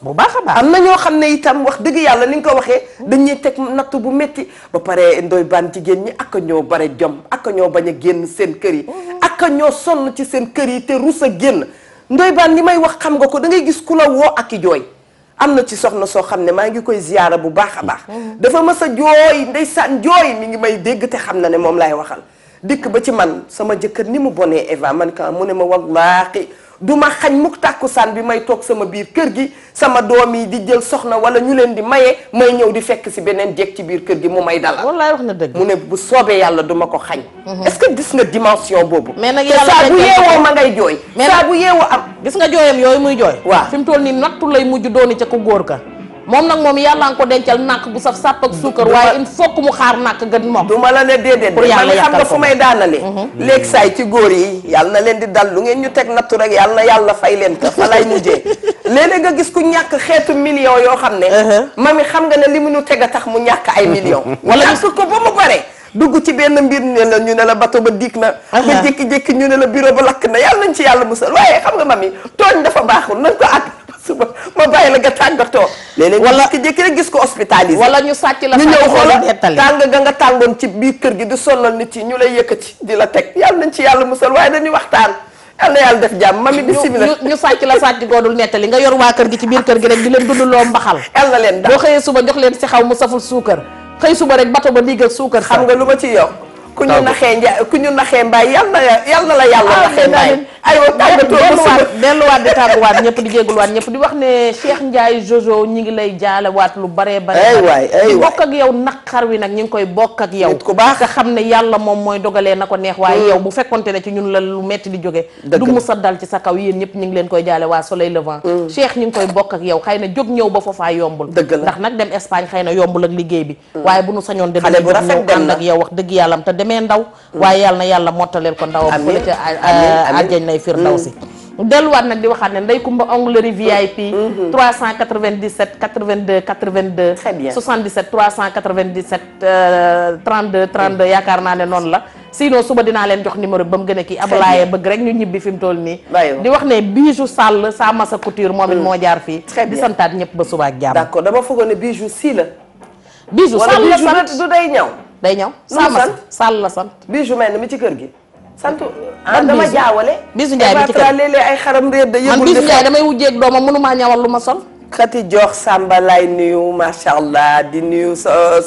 Speaker 1: bu baax a baax am na ñoo xam ne itam wax dëgg yàlla ni nga ko waxee dañuy teg natt bu métti ba pare ndoy baan jigéen ñi ak ñoo bare jom ak ñoo bañ a génn seen kër yi. ak ñoo sonn ci seen kër yi te rus a génn ndoy baan li may wax xam nga ko da ngay gis ku la woo ak i jooy. am na ci soxna soo xam ne maa ngi koy ziyaara bu baax a baax dafa ma a jooy ndeysaan jooy mi ngi may dégg te xam na ne moom laay waxal dikk ba ci man sama jëkkër ni mu bonee Eva man ka mu ne ma wallaahi du ma xañ mukk tàkkusaan bi may toog sama biir kër gi sama doom yi di jël soxna wala ñu leen di maye may ñëw di fekk si beneen jeeg ci biir kër gi mu may dalal. wallaay wax na dëgg mu ne bu soobee yàlla du ma ko xañ. Mhm. est-ce que gis nga dimension boobu. mais nag yàlla saa bu yeewoo ma ngay jooy. mais saa bu yeewoo am. gis nga jooyam yooyu muy jooy. waaw fi mu toll nii nattu lay mujj dooni ca ko góor ka moom nag moom yàlla nga ko dencal nàkk bu saf sàpp ak suukar waaye il faut mu xaar nàkk gën moom du ma la ne déedéet pour yàlla xam may daanale mhm. léegi saay ci góor yi yàlla na leen di dal lu ngeen ñu teg nattu rek yàlla na yàlla fay leen te fa lay mujjee léeg-léeg nga gis ku ñàkk xeetu million yoo xam ne uh-huh. mami xam nga ne li mu ñu teg a tax mu ñàkk ay million wala ñàkk ko ba mu bare dugg ci benn mbir ne la ñu ne la bato ba dikk na nga uh-huh. jékki-jékki ñu ne la bureau ba lakk na yàlla nañ ci yàlla musal waaye xam nga mami tooñ dafa baaxul nañ ko ak suba ma bàyyi nga tàggatoo. léeg-léeg wala ki jékki gis ko hospitalisé. wala ñu sàcc la ñu ñëw xoola tàng nga tàngoon ci biir kër gi di solal nit yi ñu lay yëkkati di la teg yàlla nañ ci yàlla musal waaye dañuy waxtaan. yàlla na yàlla def jàmm mami di simila ñu sàcc goodul nettali nga yor waa kër gi ci biir kër gi rek di leen dundaloo mbaxal yàlla leen dal xëyee suba jox leen si xaw mu saful suukar xëy suba rek bato ba digg ak suukar xam nga lu ma ci yow ku ñu naxee ku ñu naxee mbaay
Speaker 3: yal na yal na la yàlla naxee mbaay
Speaker 1: aywa tàggatoo delluwaat delluwaat di tàgguwaat ñëpp di jégaluwaat ñëpp di wax ne Cheikh Ndiaye Jojo ñi ngi lay jaalewaat lu baree bare waay bokk ak yow naqar wi nag ñu ngi koy bokk ak yow ku baax te xam ne yàlla moom mooy dogalee na ko neex waaye mm. yow bu fekkonte ne ci ñun la lu metti di jóge du musa dal ci sa kaw yéen ñëpp ñu ngi leen koy jaale waa Soleil Levant mm. Cheikh ñu ngi koy bokk yow xëy na jóg ñëw ba foofaa yombul ndax nag dem Espagne xëy na yombul ak liggéey bi mm. wax dëgg yàllam te demee ndaw waaye yàlla na yàlla mottaleel ko ndawam fële ca àjjana euh, nay firdawsi mm. delluwaat nag di waxaat ne Ndeye Coumba Onglerie VIP. 397 82 82. très bien 77 397 32 32 yaakaar naa ne noonu la sinon suba dinaa leen jox numéro ba mu gën a kii. ablaye bëgg rek ñu ñibbi fi mu toll nii. di wax ne Bijou Sall sa masa couture moom it mm. moo jaar fii. di santaat ñëpp ba suba ak jàmm. day ñëw. sàll la sant sàll la sant. mi ci kër gi. santu ah dama jaawale. bisu njaay bi ay xaram réer da yëgul man bisu njaay damay wujjeeg doomam mënumaa ñawal lu ma sol. xati jox Samba laay nuyu macha allah di nuyu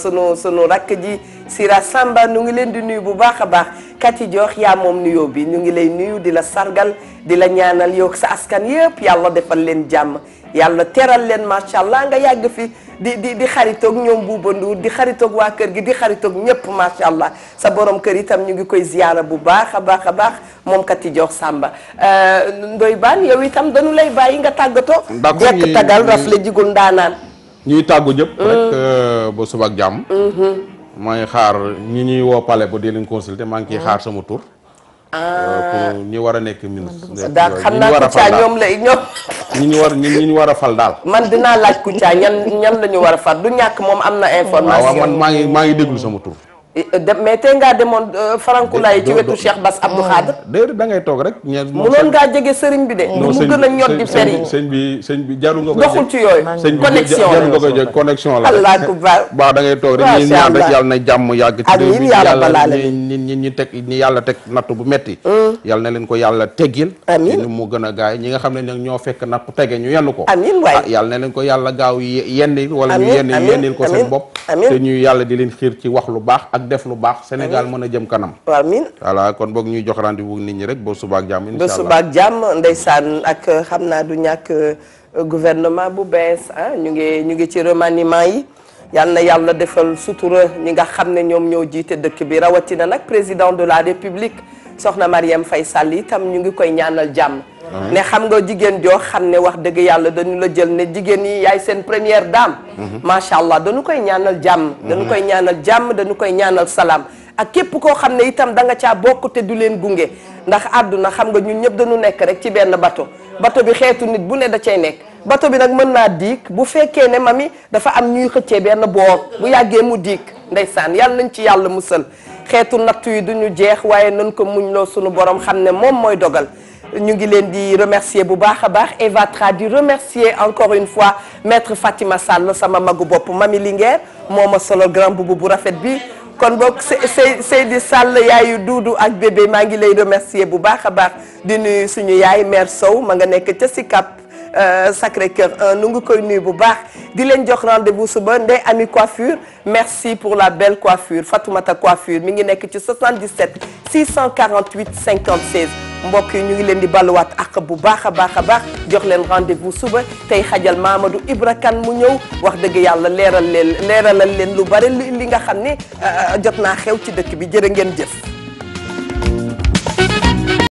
Speaker 1: sunu sunu rakk ji Sira Samba nu ngi leen di nuyu bu baax a baax kati jox yaa moom nuyoo bi ñu ngi lay nuyu di la sargal di la ñaanal yow sa askan yépp yàlla defal leen jàmm yàlla teral leen macha allah nga yàgg fi. di di di xaritoog ñoom Bouba Ndour di xaritoog waa kër gi di xaritoog ñëpp macha allah sa boroom kër yi tam ñu ngi koy ziyaara bu baax a baax a baax moom kati jox Samba euh, Ndoye Bane yow itam dañu lay bàyyi nga tàggatoo. jekk tagal la jigul ndaanaan.
Speaker 2: ñuy tàggu ñëpp. Mm. rek euh, ba suba ak jàmm. Mm-hmm. may xaar ñi ñuy woo pale bu di leen consulter maa ngi ciy mm-hmm. xaar sama tur.
Speaker 1: Euh, pour ah.
Speaker 2: ñi war a nekk ministre daal xam naa Kouthia ñoom lay ñoom ñi ñu
Speaker 1: war ñi ñu war a fal daal man dinaa laaj Kouthia ñan ñan la ñu war a fal du ñàkk moom am na information waaw man maa ngi maa
Speaker 2: ngi déglu sama tur
Speaker 1: mais tey ngaa demoon euh, farankulaay ci wetu Cheikh Bass Abdou ah. Khadre
Speaker 2: déedéet da toog rek munoon
Speaker 1: ngaa jege sëriñ bi de mu gën a ñor di fer yi
Speaker 2: sëñ bi sëñ bi jarul nga koy la allah ku baax waaw toog rek ñi ñaan rek na jàmm yàgg ci réew mi yàlla ñi ñi ñi teg ñi yàlla teg natt bu metti mm. yàlla na leen ko yàlla teggil amiin mu gën a gaay ñi nga xam ne ñoo fekk natt tege ñu yenn ko amiin waay ah, yàlla na leen ko yàlla gaaw yennil wala ñu yenn yennil ko seen bopp te ñuy yàlla di leen xiir ci wax lu baax ak def lu baax Sénégal mën a jëm kanam waaw miin voilà kon boog ñuy jox rendez-vous nit ñi rek boo subaak jàmm incha allah ba subaak
Speaker 1: jàmm ndeysaan ak euh, xam naa du ñàkk euh, gouvernement bu bees ah ñu ngi ñu ngi ci remaniement yi yal na yàlla defal sutura ñi nga xam ne ñoom ñoo jiite dëkk bi rawatina nag président de la république soxna Marième Faye Sall itam ñu ngi koy ñaanal jàmm ne xam nga jigéen joo xam ne wax dëgg yàlla dañu la jël ne jigéen yi yaay seen première daam mhm. macha allah dañu koy ñaanal jàmm mhm. dañu koy ñaanal jàmm dañu koy ñaanal salaam ak képp koo xam ne itam da nga caa bokk te du leen gunge ndax àdduna xam nga ñun ñëpp dañu nekk rek ci benn bato bato bi xeetu nit bu ne da cay nekk bato bi nag mën naa diik bu fekkee ne mami dafa am ñuy xëccee benn boor bu yàggee mu diik ndeysaan yàlla nañ ci yàlla musal xeetu nattu yi duñu jeex waaye nañ ko muñ loo sunu borom xam ne moom mooy dogal ñu ngi leen di remercier bu baax a baax evatra di remercier encore une fois maître Fatima Sall sama magu bopp Mami Linguère moom ma solo grand boubou bu rafet bi kon boog Seydi Sall yaayu Duudu ak bébé maa ngi lay remercier bu baax a baax di nuyu suñu yaay mère Sow ma nga nekk ca Sicap euh, Sacré-Cœur 1 nu ngi koy nuyu bu baax di leen jox rendez-vous suba Ndey Ami Coiffure merci pour la belle coiffure Fatoumata Coiffure mi ngi nekk ci 77 648 56 mbokk yi ñu ngi leen di balluwaat ak bu baax a baax a baax jox leen rendez-vous suba tey xajal Mamadou Ibra Kane mu ñëw wax dëgg yàlla leeral leen leeralal leen lu bare
Speaker 3: li nga xam ne euh, jot naa xew ci dëkk bi jërë ngeen jëf